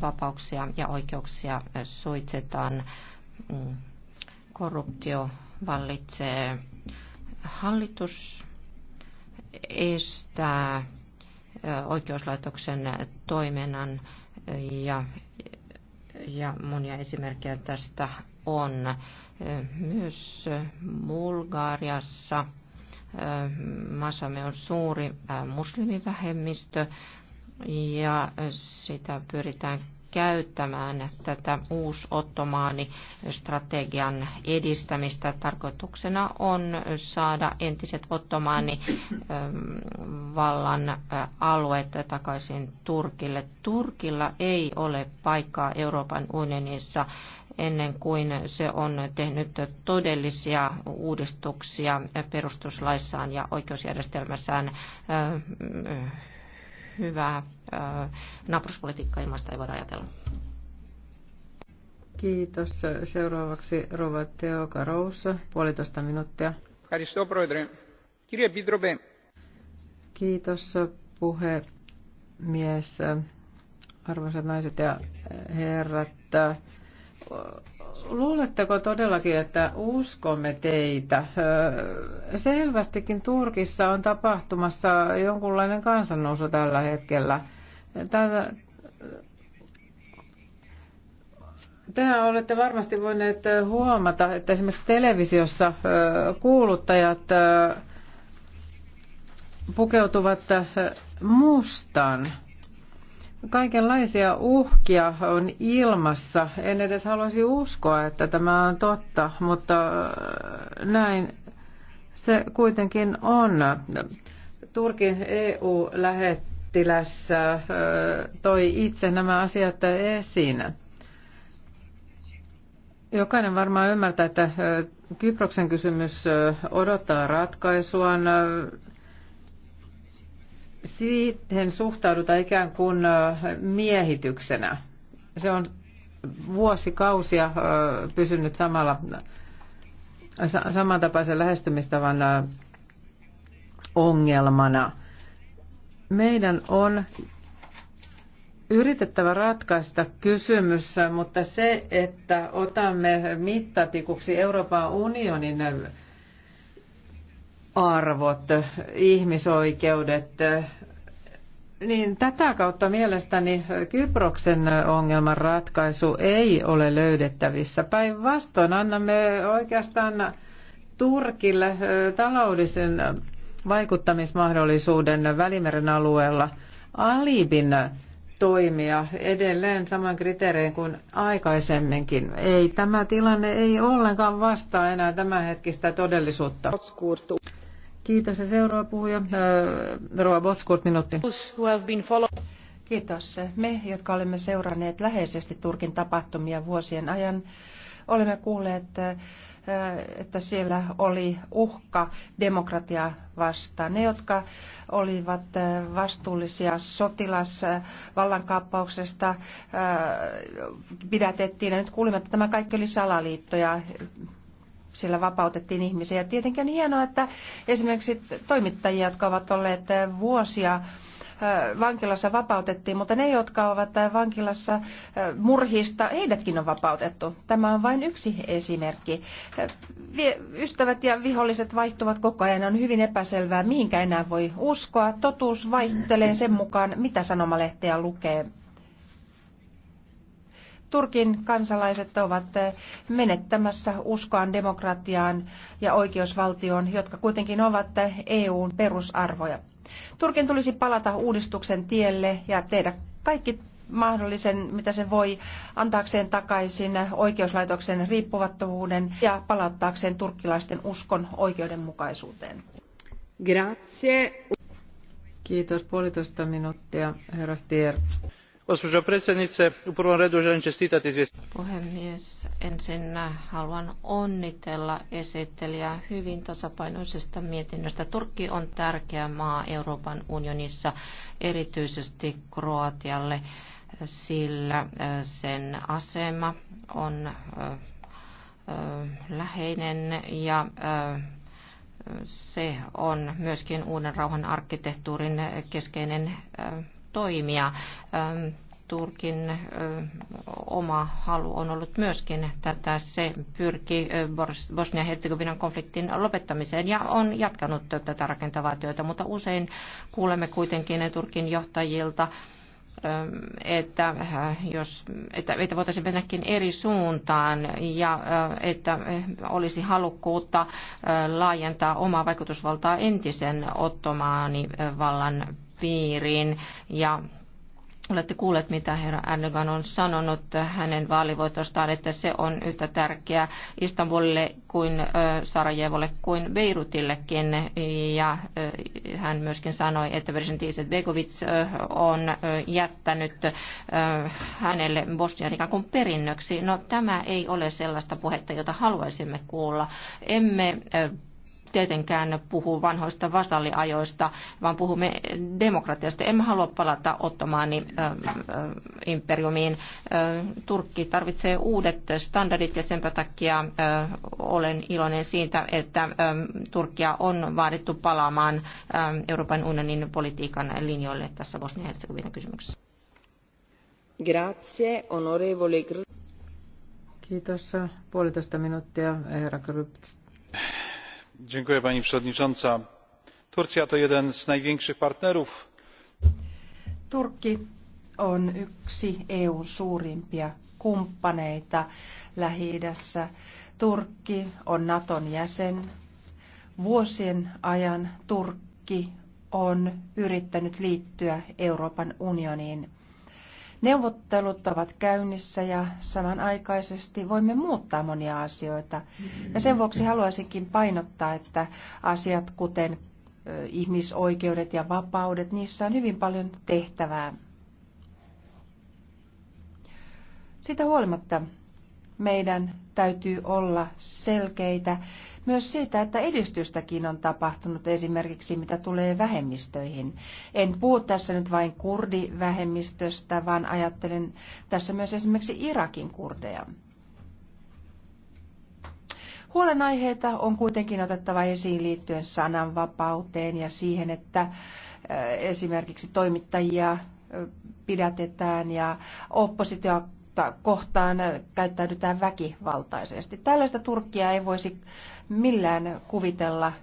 vapauksia ja oikeuksia suitsetaan, mm. korruptio vallitsee. Hallitus estää oikeuslaitoksen toiminnan ja ja monia esimerkkejä tästä on. Myös Bulgariassa eh, maassamme on suuri eh, muslimivähemmistö ja sitä pyritään käyttämään tätä uusottomaani-strategian edistämistä. Tarkoituksena on saada entiset ottomaani-vallan ähm, äh, alueet takaisin Turkille. Turkilla ei ole paikkaa Euroopan unionissa ennen kuin se on tehnyt todellisia uudistuksia perustuslaissaan ja oikeusjärjestelmässään äh, hyvää naapuruspolitiikkaa ilmaista ei voida ajatella. Kiitos. Seuraavaksi Rova Teo Karoussa, puolitoista minuuttia. Kiitos puhemies. Arvoisat naiset ja herrat, luuletteko todellakin, että uskomme teitä? Selvästikin Turkissa on tapahtumassa jonkunlainen kansannousu tällä hetkellä – Tämä, Tehän olette varmasti voineet huomata, että esimerkiksi televisiossa kuuluttajat pukeutuvat mustaan. Kaikenlaisia uhkia on ilmassa. En edes haluaisi uskoa, että tämä on totta, mutta näin se kuitenkin on. Turkin EU-lähettä lähettilässä toi itse nämä asiat esiin. Jokainen varmaan ymmärtää, että Kyproksen kysymys odottaa ratkaisuaan. Siihen suhtaudutaan ikään kuin miehityksenä. Se on vuosikausia pysynyt samalla, samantapaisen lähestymistavan ongelmana. Meidän on yritettävä ratkaista kysymys, mutta se, että otamme mittatikuksi Euroopan unionin arvot, ihmisoikeudet, niin tätä kautta mielestäni Kyproksen ongelman ratkaisu ei ole löydettävissä. Päinvastoin annamme oikeastaan Turkille taloudellisen vaikuttamismahdollisuuden Välimeren alueella alibin toimia edelleen saman kriteerein kuin aikaisemminkin. Ei tämä tilanne ei ollenkaan vastaa enää tämänhetkistä todellisuutta. Kiitos ja seuraava puhuja, äh, Roa Botskurt, minuutti. Kiitos. Me, jotka olemme seuranneet läheisesti Turkin tapahtumia vuosien ajan, olemme kuulleet äh, että siellä oli uhka demokratiaa vastaan. Ne, jotka olivat vastuullisia sotilasvallankaappauksesta, pidätettiin. Ja nyt kuulimme, että tämä kaikki oli salaliittoja sillä vapautettiin ihmisiä. Ja tietenkin on hienoa, että esimerkiksi toimittajia, jotka ovat olleet vuosia vankilassa vapautettiin, mutta ne, jotka ovat vankilassa murhista, heidätkin on vapautettu. Tämä on vain yksi esimerkki. Ystävät ja viholliset vaihtuvat koko ajan. On hyvin epäselvää, mihinkä enää voi uskoa. Totuus vaihtelee sen mukaan, mitä sanomalehteä lukee Turkin kansalaiset ovat eh, menettämässä uskoaan demokratiaan ja oikeusvaltioon, jotka kuitenkin ovat eh, EUn perusarvoja. Turkin tulisi palata uudistuksen tielle ja tehdä kaikki mahdollisen, mitä se voi, antaakseen takaisin oikeuslaitoksen riippuvattomuuden ja palauttaakseen turkkilaisten uskon oikeudenmukaisuuteen. Grazie. Kiitos puolitoista minuuttia, herra Stier. Gospođo predsjednice, u prvom redu želim čestitati izvjestitelju. Puhemies, ensin haluan onnitella esittelijää hyvin tasapainoisesta mietinnöstä. Turkki on tärkeä maa Euroopan unionissa, erityisesti Kroatialle, sillä sen asema on läheinen ja se on myöskin uuden rauhan arkkitehtuurin keskeinen toimia. Ähm, Turkin äh, oma halu on ollut myöskin tätä. Se pyrki äh, Bosnia-Herzegovinan konfliktin lopettamiseen ja on jatkanut tätä rakentavaa työtä, mutta usein kuulemme kuitenkin Turkin johtajilta, ähm, että, äh, jos, että, että voitaisiin mennäkin eri suuntaan ja että olisi halukkuutta laajentaa omaa vaikutusvaltaa entisen ottomaani vallan piiriin ja Olette kuulleet, mitä herra Erdogan on sanonut hänen vaalivoitostaan, että se on yhtä tärkeä Istanbulille kuin Sarajevolle kuin Beirutillekin. Ja hän myöskin sanoi, että presidentti Begovic on jättänyt hänelle Bosnian ikään kuin perinnöksi. No tämä ei ole sellaista puhetta, jota haluaisimme kuulla. Emme tietenkään puhu vanhoista vasalliajoista, vaan puhumme demokratiasta. Emme halua palata ottomaani äh, imperiumiin. Äh, Turkki tarvitsee uudet standardit ja sen takia äh, olen iloinen siitä, että äh, Turkkia on vaadittu palaamaan äh, Euroopan unionin politiikan linjoille tässä bosnia herzegovina kysymyksessä. Grazie, onorevole. Kiitos. Puolitoista minuuttia, herra Kryptis pani przewodnicząca! turcja to jeden z największych partnerów turkki on yksi eun suurimpia kumppaneita lähi idässä. turkki on naton jäsen. vuosien ajan turkki on yrittänyt liittyä euroopan unioniin. Neuvottelut ovat käynnissä ja samanaikaisesti voimme muuttaa monia asioita. Ja sen vuoksi haluaisinkin painottaa, että asiat kuten ihmisoikeudet ja vapaudet, niissä on hyvin paljon tehtävää. Sitä huolimatta meidän täytyy olla selkeitä myös siitä, että edistystäkin on tapahtunut esimerkiksi mitä tulee vähemmistöihin. En puhu tässä nyt vain kurdivähemmistöstä, vaan ajattelen tässä myös esimerkiksi Irakin kurdeja. Huolenaiheita on kuitenkin otettava esiin liittyen sananvapauteen ja siihen, että äh, esimerkiksi toimittajia äh, pidätetään ja oppositio kohtaan käyttäydytään väkivaltaisesti. Tällaista Turkkia ei voisi millään kuvitella äh,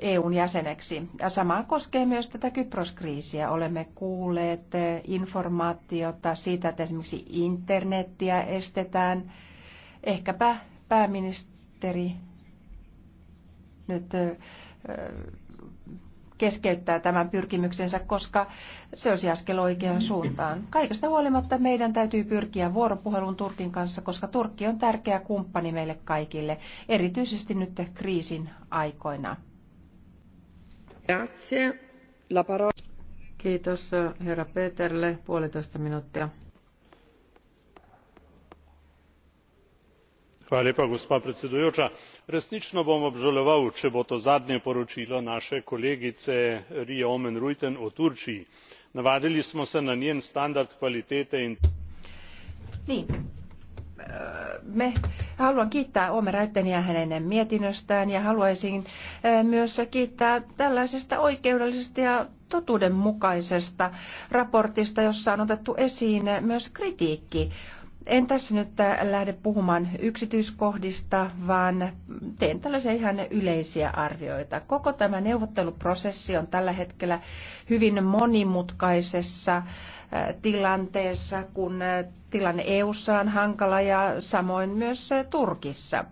EUn jäseneksi. Ja sama koskee myös tätä Kyproskriisiä. Olemme kuulleet äh, informaatiota siitä, että esimerkiksi internettiä estetään. Ehkäpä pääministeri nyt äh, keskeyttää tämän pyrkimyksensä, koska se olisi askel oikeaan suuntaan. Kaikesta huolimatta meidän täytyy pyrkiä vuoropuhelun Turkin kanssa, koska Turkki on tärkeä kumppani meille kaikille, erityisesti nyt kriisin aikoina. Kiitos herra Peterle, puolitoista minuuttia. resnično bom obžaloval če bo to zadnje poročilo naše kolegice ria oomen ruijten o turčiji. navadili smo se na njen standard kvalitete in. Niin. Äh, haluan kiittää oomen ruijtenia hänen mietinnöstään ja haluaisin äh, myös kiittää tällaisesta oikeudellisesta ja totuudenmukaisesta raportista jossa on otettu esiin myös kritiikki en tässä nyt äh, lähde puhumaan yksityiskohdista, vaan teen tällaisia ihan yleisiä arvioita. Koko tämä neuvotteluprosessi on tällä hetkellä hyvin monimutkaisessa äh, tilanteessa, kun äh, tilanne EU:ssa on hankala ja samoin myös Turkissa.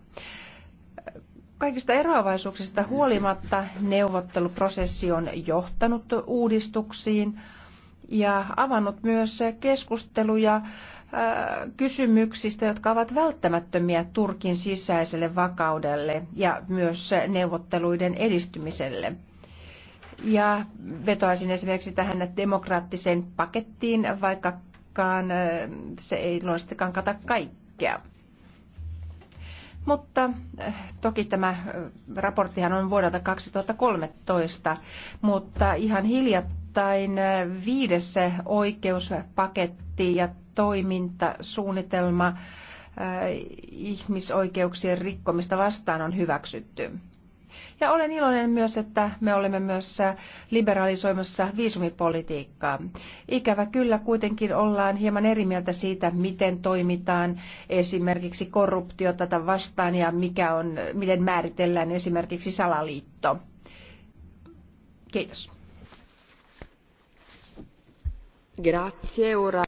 Kaikista eroavaisuuksista huolimatta neuvotteluprosessi on johtanut uudistuksiin ja avannut myös keskusteluja kysymyksistä, jotka ovat välttämättömiä Turkin sisäiselle vakaudelle ja myös neuvotteluiden edistymiselle. Ja vetoaisin esimerkiksi tähän demokraattiseen pakettiin, vaikkakaan se ei luonnollisestikaan kata kaikkea. Mutta toki tämä raporttihan on vuodelta 2013, mutta ihan hiljattain viides oikeuspaketti ja toimintasuunnitelma äh, ihmisoikeuksien rikkomista vastaan on hyväksytty. Ja olen iloinen myös, että me olemme myös äh, liberalisoimassa viisumipolitiikkaa. Ikävä kyllä kuitenkin ollaan hieman eri mieltä siitä, miten toimitaan esimerkiksi korruptiota vastaan ja mikä on, miten määritellään esimerkiksi salaliitto. Kiitos. Grazie, ora.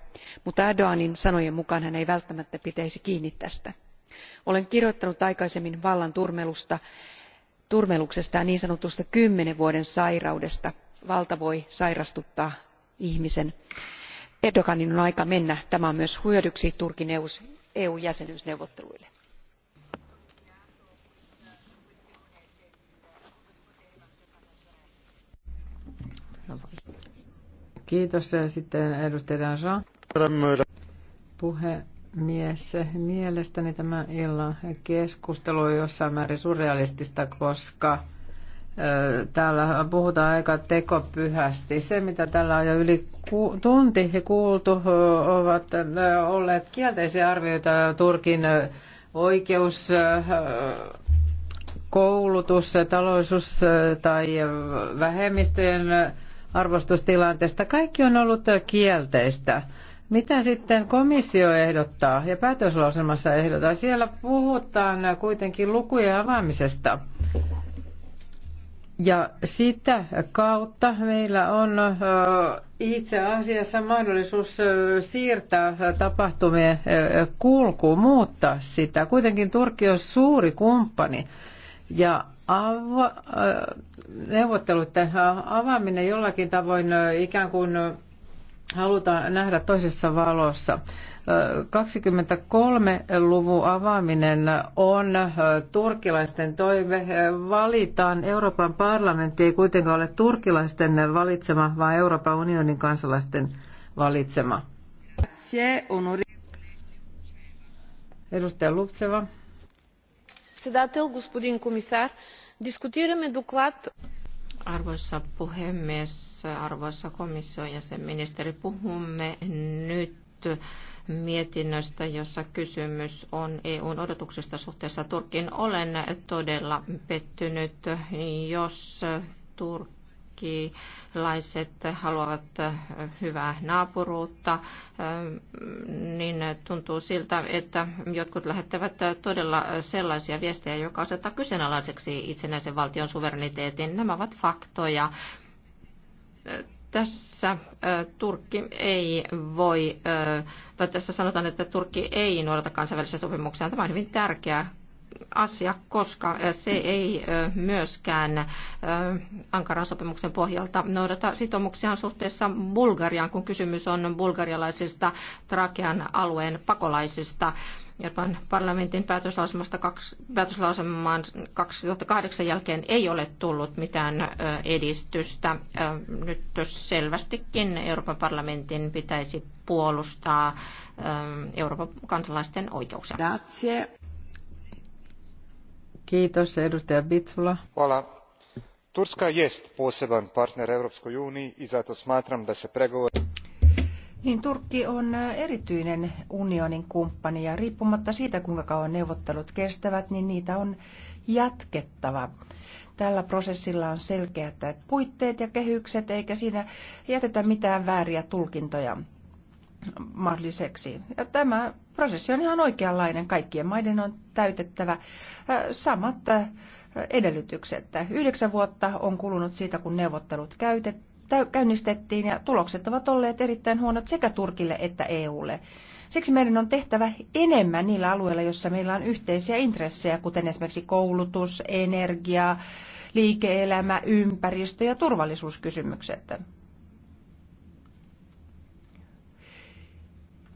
mutta erdoganin sanojen mukaan hän ei välttämättä pitäisi kiinni tästä. olen kirjoittanut aikaisemmin vallan turmeluksesta ja niin sanotusta kymmenen vuoden sairaudesta valta voi sairastuttaa ihmisen. erdoganin on aika mennä tämä on myös hyödyksi turkin eu e jäsenyysneuvotteluille. Kiitos. Sitten edustaja Jean. Puhemies, mielestäni tämä illan keskustelu on jossain määrin surrealistista, koska täällä puhutaan aika tekopyhästi. Se, mitä täällä on jo yli ku- tunti kuultu, ovat olleet kielteisiä arvioita Turkin oikeus, koulutus, taloudellisuus tai vähemmistöjen arvostustilanteesta. Kaikki on ollut kielteistä. Mitä sitten komissio ehdottaa ja päätöslauselmassa ehdottaa? Siellä puhutaan kuitenkin lukujen avaamisesta. Ja sitä kautta meillä on itse asiassa mahdollisuus siirtää tapahtumien kulku, muuttaa sitä. Kuitenkin Turkki on suuri kumppani ja ava- neuvotteluiden avaaminen jollakin tavoin ikään kuin halutaan nähdä toisessa valossa. 23-luvun avaaminen on turkilaisten toive. Valitaan Euroopan parlamentti ei kuitenkaan ole turkilaisten valitsema, vaan Euroopan unionin kansalaisten valitsema. Edustaja Lupseva. Sedatel, gospodin комисар, diskutiramme доклад Arvoisa puhemies, arvoisa komission jäsen ministeri, puhumme nyt mietinnöstä, jossa kysymys on EUn odotuksista suhteessa Turkin. Olen todella pettynyt, jos Turkki turkkilaiset haluavat hyvää naapuruutta, niin tuntuu siltä, että jotkut lähettävät todella sellaisia viestejä, joka asettaa kyseenalaiseksi itsenäisen valtion suvereniteetin. Nämä ovat faktoja tässä Turkki ei voi, tai tässä sanotaan, että Turkki ei noudata kansainvälisiä sopimuksia. Tämä on hyvin tärkeä asia, koska se ei myöskään Ankaran sopimuksen pohjalta noudata sitoumuksiaan suhteessa Bulgariaan, kun kysymys on bulgarialaisista Trakean alueen pakolaisista. Euroopan parlamentin päätöslauselmasta päätöslausemaan 2008 jälkeen ei ole tullut mitään edistystä. Nyt selvästikin Euroopan parlamentin pitäisi puolustaa Euroopan kansalaisten oikeuksia. Grazie. Kiitos, edustaja Bitsula. Hvala. Turska jest poseban partner Europskoj uniji i zato smatram da se pregovori... Niin, Turkki on erityinen unionin kumppani ja riippumatta siitä, kuinka kauan neuvottelut kestävät, niin niitä on jatkettava. Tällä prosessilla on selkeät puitteet ja kehykset, eikä siinä jätetä mitään vääriä tulkintoja mahdolliseksi. Ja tämä prosessi on ihan oikeanlainen. Kaikkien maiden on täytettävä samat edellytykset. Yhdeksän vuotta on kulunut siitä, kun neuvottelut käynnistettiin ja tulokset ovat olleet erittäin huonot sekä Turkille että EUlle. Siksi meidän on tehtävä enemmän niillä alueilla, joissa meillä on yhteisiä intressejä, kuten esimerkiksi koulutus, energia, liike-elämä, ympäristö ja turvallisuuskysymykset.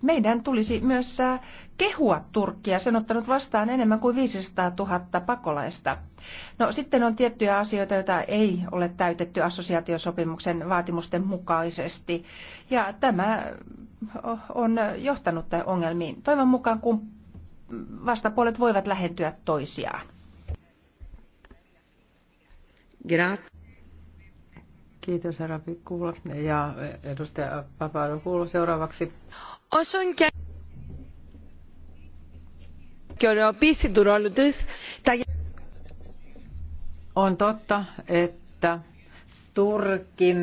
Meidän tulisi myös äh, kehua Turkkia. Se on ottanut vastaan enemmän kuin 500 000 pakolaista. No sitten on tiettyjä asioita, joita ei ole täytetty assosiaatiosopimuksen vaatimusten mukaisesti. Ja tämä äh, on johtanut ongelmiin. Toivon mukaan, kun vastapuolet voivat lähentyä toisiaan. Grazie. Kiitos, herra Pikkuula. Ja edustaja Papadon kuulu seuraavaksi. Όσον και On totta, että Turkin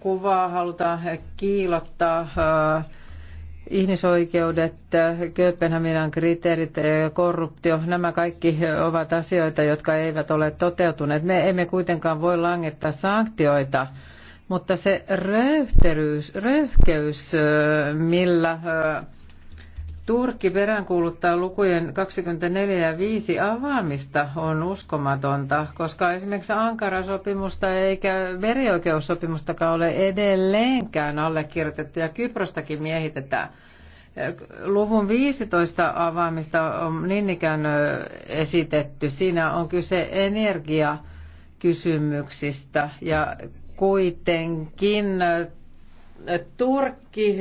kuvaa halutaan kiilottaa äh, ihmisoikeudet, Kööpenhaminan kriteerit, korruptio, nämä kaikki ovat asioita, jotka eivät ole toteutuneet. Me emme kuitenkaan voi langettaa sanktioita, mutta se röyhkeys, millä Turkki peräänkuuluttaa lukujen 24 ja 5 avaamista on uskomatonta, koska esimerkiksi Ankara-sopimusta eikä verioikeussopimustakaan ole edelleenkään allekirjoitettu ja Kyprostakin miehitetään. Luvun 15 avaamista on niin ikään esitetty. Siinä on kyse energiakysymyksistä ja kuitenkin Turkki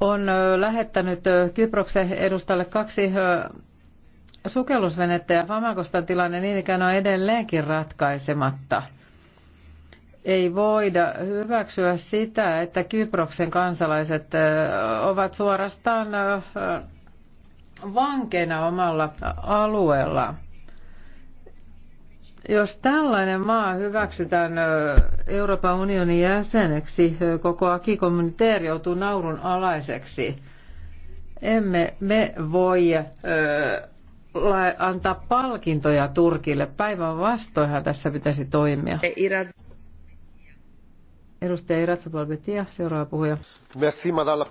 on lähettänyt Kyproksen edustalle kaksi sukellusvenettä ja Famagostan tilanne niin ikään on edelleenkin ratkaisematta. Ei voida hyväksyä sitä, että Kyproksen kansalaiset ovat suorastaan vankena omalla alueellaan. Jos tällainen maa hyväksytään Euroopan unionin jäseneksi, koko akikommuniteer joutuu naurun alaiseksi. Emme me voi ö, antaa palkintoja Turkille. Päivän vastoinhan tässä pitäisi toimia. Edustaja Iratsa seuraava puhuja. Merci, madame la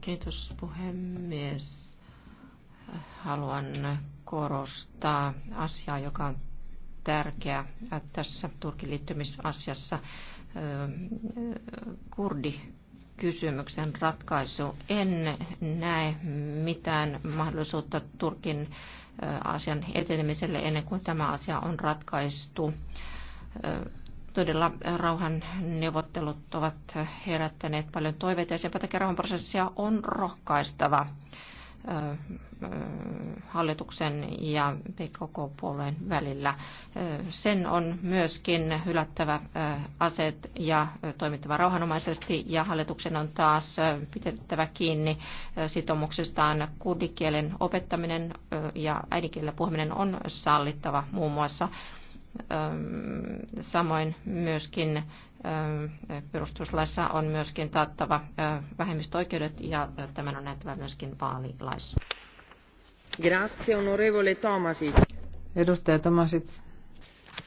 Kiitos puhemies. Haluan korostaa asiaa, joka on tärkeä tässä Turkin liittymisasiassa. Kurdi kysymyksen ratkaisu. En näe mitään mahdollisuutta Turkin asian etenemiselle ennen kuin tämä asia on ratkaistu. Todella rauhan neuvottelut ovat herättäneet paljon toiveita ja sen takia rauhanprosessia on rohkaistava hallituksen ja PKK-puolueen välillä. Sen on myöskin hylättävä aset ja toimittava rauhanomaisesti ja hallituksen on taas pidettävä kiinni sitoumuksestaan. Kurdikielen opettaminen ja äidinkielellä puhuminen on sallittava muun muassa samoin myöskin Perustuslaissa on myöskin taattava vähemmistöoikeudet ja tämän on näyttävä myöskin vaalilaissa. Grazie, onorevole Tomasic. Edustaja Tomasic.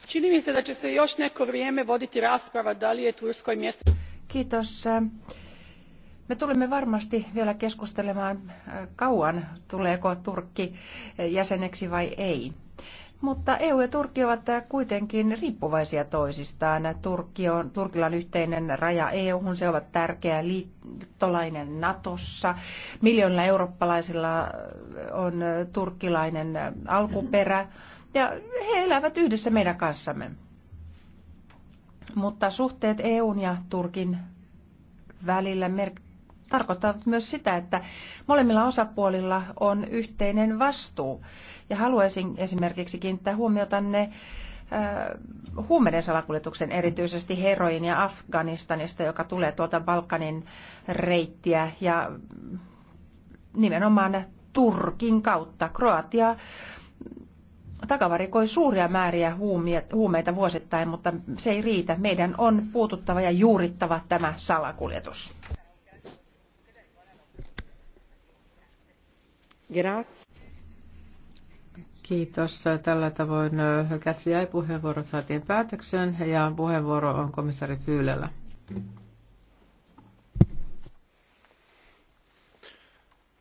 Čini mi se da će se još neko vrijeme voditi rasprava da li je Turskoj mjesto... Kiitos. Me tulemme varmasti vielä keskustelemaan kauan, tuleeko Turkki jäseneksi vai ei. Mutta EU ja Turkki ovat kuitenkin riippuvaisia toisistaan. Turkki on, Turkilla on yhteinen raja eu se ovat tärkeä liittolainen Natossa. Miljoonilla eurooppalaisilla äh, on äh, turkkilainen äh, alkuperä ja he elävät yhdessä meidän kanssamme. Mutta suhteet EUn ja Turkin välillä merkittävät tarkoittavat myös sitä, että molemmilla osapuolilla on yhteinen vastuu. Ja haluaisin esimerkiksi kiinnittää huomiota ne äh, huumeiden salakuljetuksen, erityisesti heroin ja Afganistanista, joka tulee tuolta Balkanin reittiä ja nimenomaan Turkin kautta. Kroatia takavarikoi suuria määriä huumeita vuosittain, mutta se ei riitä. Meidän on puututtava ja juurittava tämä salakuljetus. Kiitos. Tällä tavoin äh, Catch jäi puheenvuoro saatiin päätökseen ja puheenvuoro on komissaari Fyylellä.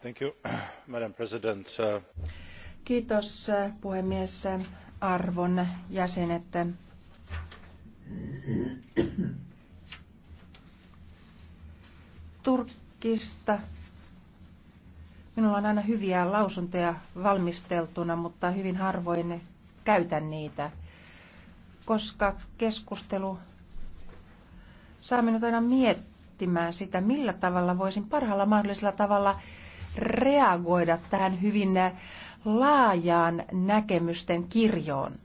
Thank you, Madam President. Kiitos puhemies arvon jäsenet. Turkista Minulla on aina hyviä lausuntoja valmisteltuna, mutta hyvin harvoin käytän niitä, koska keskustelu saa minut aina miettimään sitä, millä tavalla voisin parhaalla mahdollisella tavalla reagoida tähän hyvin laajaan näkemysten kirjoon.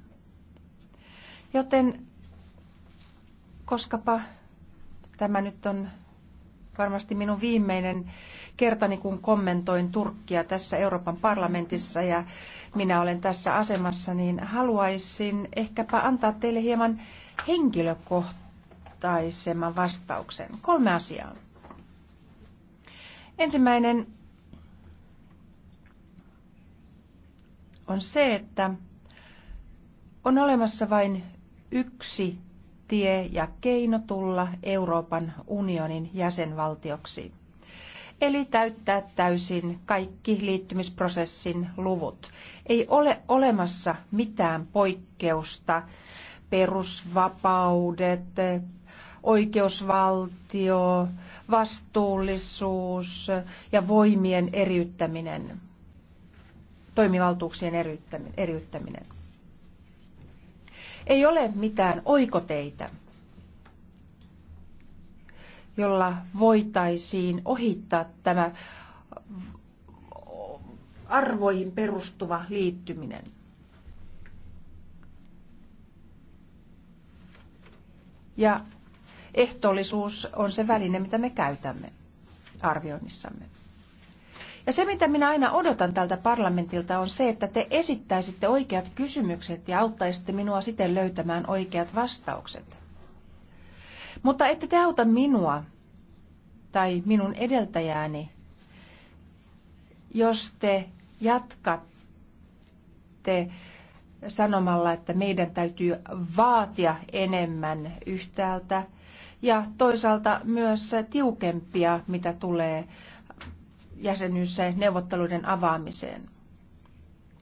Joten koskapa tämä nyt on varmasti minun viimeinen kertani, kun kommentoin Turkkia tässä Euroopan parlamentissa ja minä olen tässä asemassa, niin haluaisin ehkäpä antaa teille hieman henkilökohtaisemman vastauksen. Kolme asiaa. Ensimmäinen on se, että on olemassa vain yksi tie ja keino tulla Euroopan unionin jäsenvaltioksi. Eli täyttää täysin kaikki liittymisprosessin luvut. Ei ole olemassa mitään poikkeusta. Perusvapaudet, oikeusvaltio, vastuullisuus ja voimien eriyttäminen, toimivaltuuksien eriyttäminen. Ei ole mitään oikoteitä, jolla voitaisiin ohittaa tämä arvoihin perustuva liittyminen. Ja ehtoollisuus on se väline, mitä me käytämme arvioinnissamme. Ja se, mitä minä aina odotan tältä parlamentilta, on se, että te esittäisitte oikeat kysymykset ja auttaisitte minua siten löytämään oikeat vastaukset. Mutta ette te auta minua tai minun edeltäjääni, jos te jatkatte sanomalla, että meidän täytyy vaatia enemmän yhtäältä ja toisaalta myös tiukempia, mitä tulee jäsenyysneuvotteluiden avaamiseen.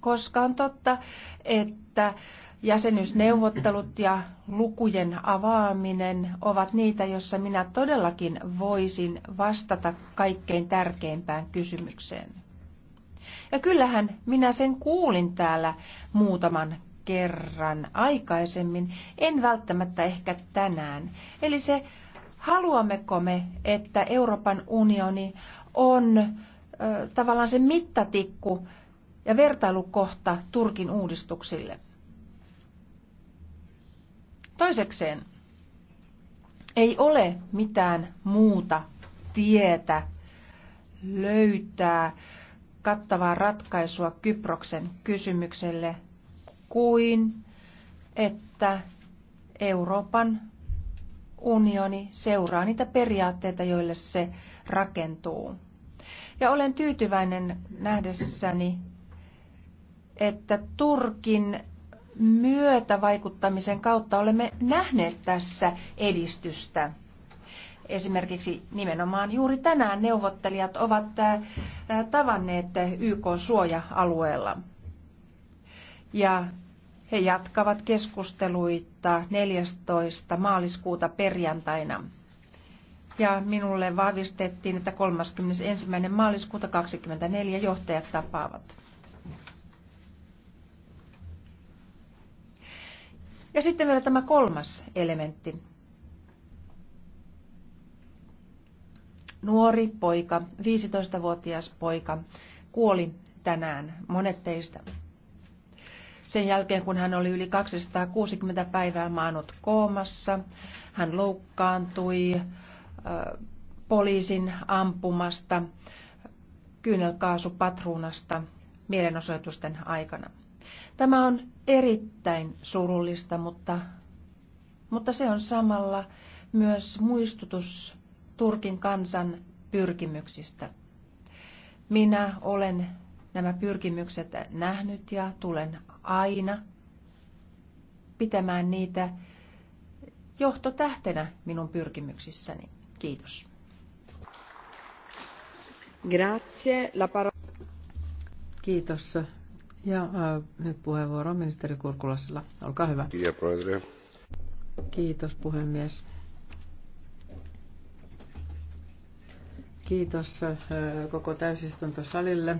Koska on totta, että jäsenyysneuvottelut ja lukujen avaaminen ovat niitä, joissa minä todellakin voisin vastata kaikkein tärkeimpään kysymykseen. Ja kyllähän minä sen kuulin täällä muutaman kerran aikaisemmin, en välttämättä ehkä tänään. Eli se, haluammeko me, että Euroopan unioni on tavallaan se mittatikku ja vertailukohta Turkin uudistuksille. Toisekseen ei ole mitään muuta tietä löytää kattavaa ratkaisua Kyproksen kysymykselle kuin että Euroopan unioni seuraa niitä periaatteita, joille se rakentuu. Ja olen tyytyväinen nähdessäni, että Turkin myötävaikuttamisen kautta olemme nähneet tässä edistystä. Esimerkiksi nimenomaan juuri tänään neuvottelijat ovat äh, tavanneet YK-suoja-alueella. Ja he jatkavat keskusteluita 14. maaliskuuta perjantaina ja minulle vahvistettiin, että 31. maaliskuuta 2024 johtajat tapaavat. Ja sitten vielä tämä kolmas elementti. Nuori poika, 15-vuotias poika, kuoli tänään, monet teistä. Sen jälkeen, kun hän oli yli 260 päivää maannut koomassa, hän loukkaantui, poliisin ampumasta kyynelkaasupatruunasta mielenosoitusten aikana. Tämä on erittäin surullista, mutta, mutta se on samalla myös muistutus Turkin kansan pyrkimyksistä. Minä olen nämä pyrkimykset nähnyt ja tulen aina pitämään niitä johtotähtenä minun pyrkimyksissäni. Kiitos. Grazie. La paro- Kiitos. Ja äh, nyt puheenvuoro ministeri Kurkulasella. Olkaa hyvä. Kiitos, Kiitos puhemies. Kiitos äh, koko täysistuntosalille äh,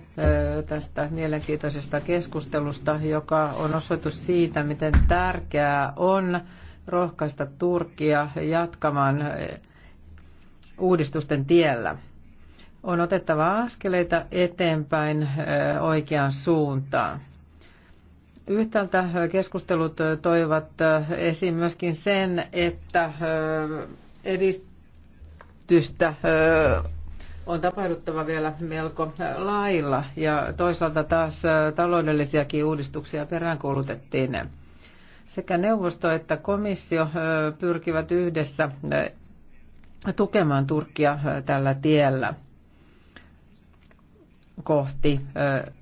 tästä mielenkiintoisesta keskustelusta, joka on osoitus siitä, miten tärkeää on rohkaista Turkia jatkamaan uudistusten tiellä. On otettava askeleita eteenpäin oikeaan suuntaan. Yhtäältä keskustelut toivat esiin myöskin sen, että edistystä on tapahduttava vielä melko lailla ja toisaalta taas taloudellisiakin uudistuksia peräänkuulutettiin. Sekä neuvosto että komissio pyrkivät yhdessä tukemaan Turkkia tällä tiellä kohti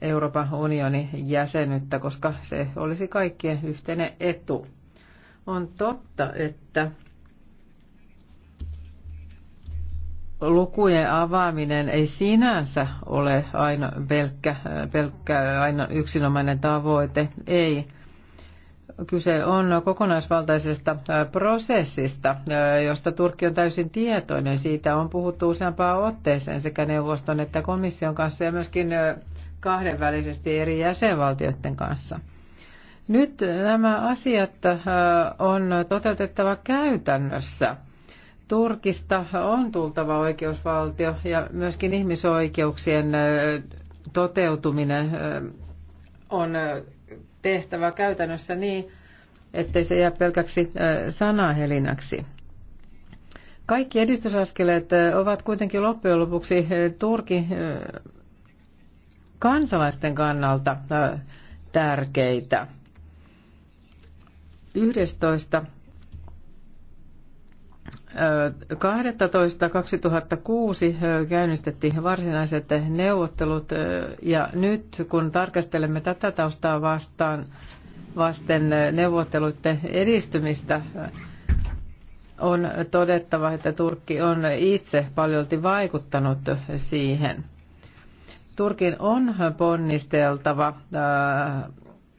Euroopan unionin jäsenyyttä, koska se olisi kaikkien yhteinen etu. On totta, että lukujen avaaminen ei sinänsä ole aina pelkkä, pelkkä aina yksinomainen tavoite. Ei Kyse on kokonaisvaltaisesta prosessista, josta Turkki on täysin tietoinen. Siitä on puhuttu useampaan otteeseen sekä neuvoston että komission kanssa ja myöskin kahdenvälisesti eri jäsenvaltioiden kanssa. Nyt nämä asiat on toteutettava käytännössä. Turkista on tultava oikeusvaltio ja myöskin ihmisoikeuksien toteutuminen on tehtävä käytännössä niin, ettei se jää pelkäksi sanahelinäksi. Kaikki edistysaskeleet ovat kuitenkin loppujen lopuksi Turkin kansalaisten kannalta tärkeitä. 11. 12.2006 käynnistettiin varsinaiset neuvottelut ja nyt kun tarkastelemme tätä taustaa vastaan vasten neuvotteluiden edistymistä, on todettava, että Turkki on itse paljolti vaikuttanut siihen. Turkin on ponnisteltava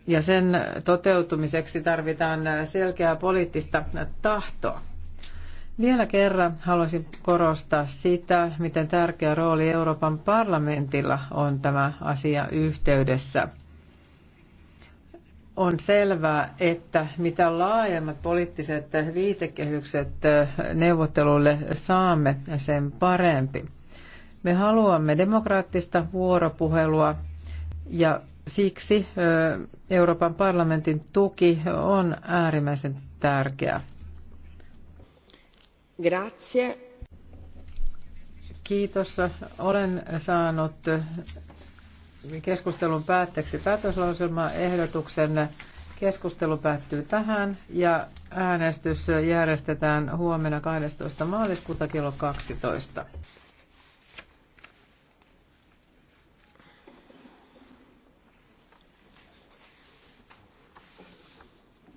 ja sen toteutumiseksi tarvitaan selkeää poliittista tahtoa. Vielä kerran haluaisin korostaa sitä, miten tärkeä rooli Euroopan parlamentilla on tämä asia yhteydessä. On selvää, että mitä laajemmat poliittiset viitekehykset eh, neuvotteluille saamme, sen parempi. Me haluamme demokraattista vuoropuhelua ja siksi eh, Euroopan parlamentin tuki on äärimmäisen tärkeä. Kiitos. Olen saanut keskustelun päätteeksi päätöslauselmaehdotuksen. Keskustelu päättyy tähän ja äänestys järjestetään huomenna 12. maaliskuuta kello 12.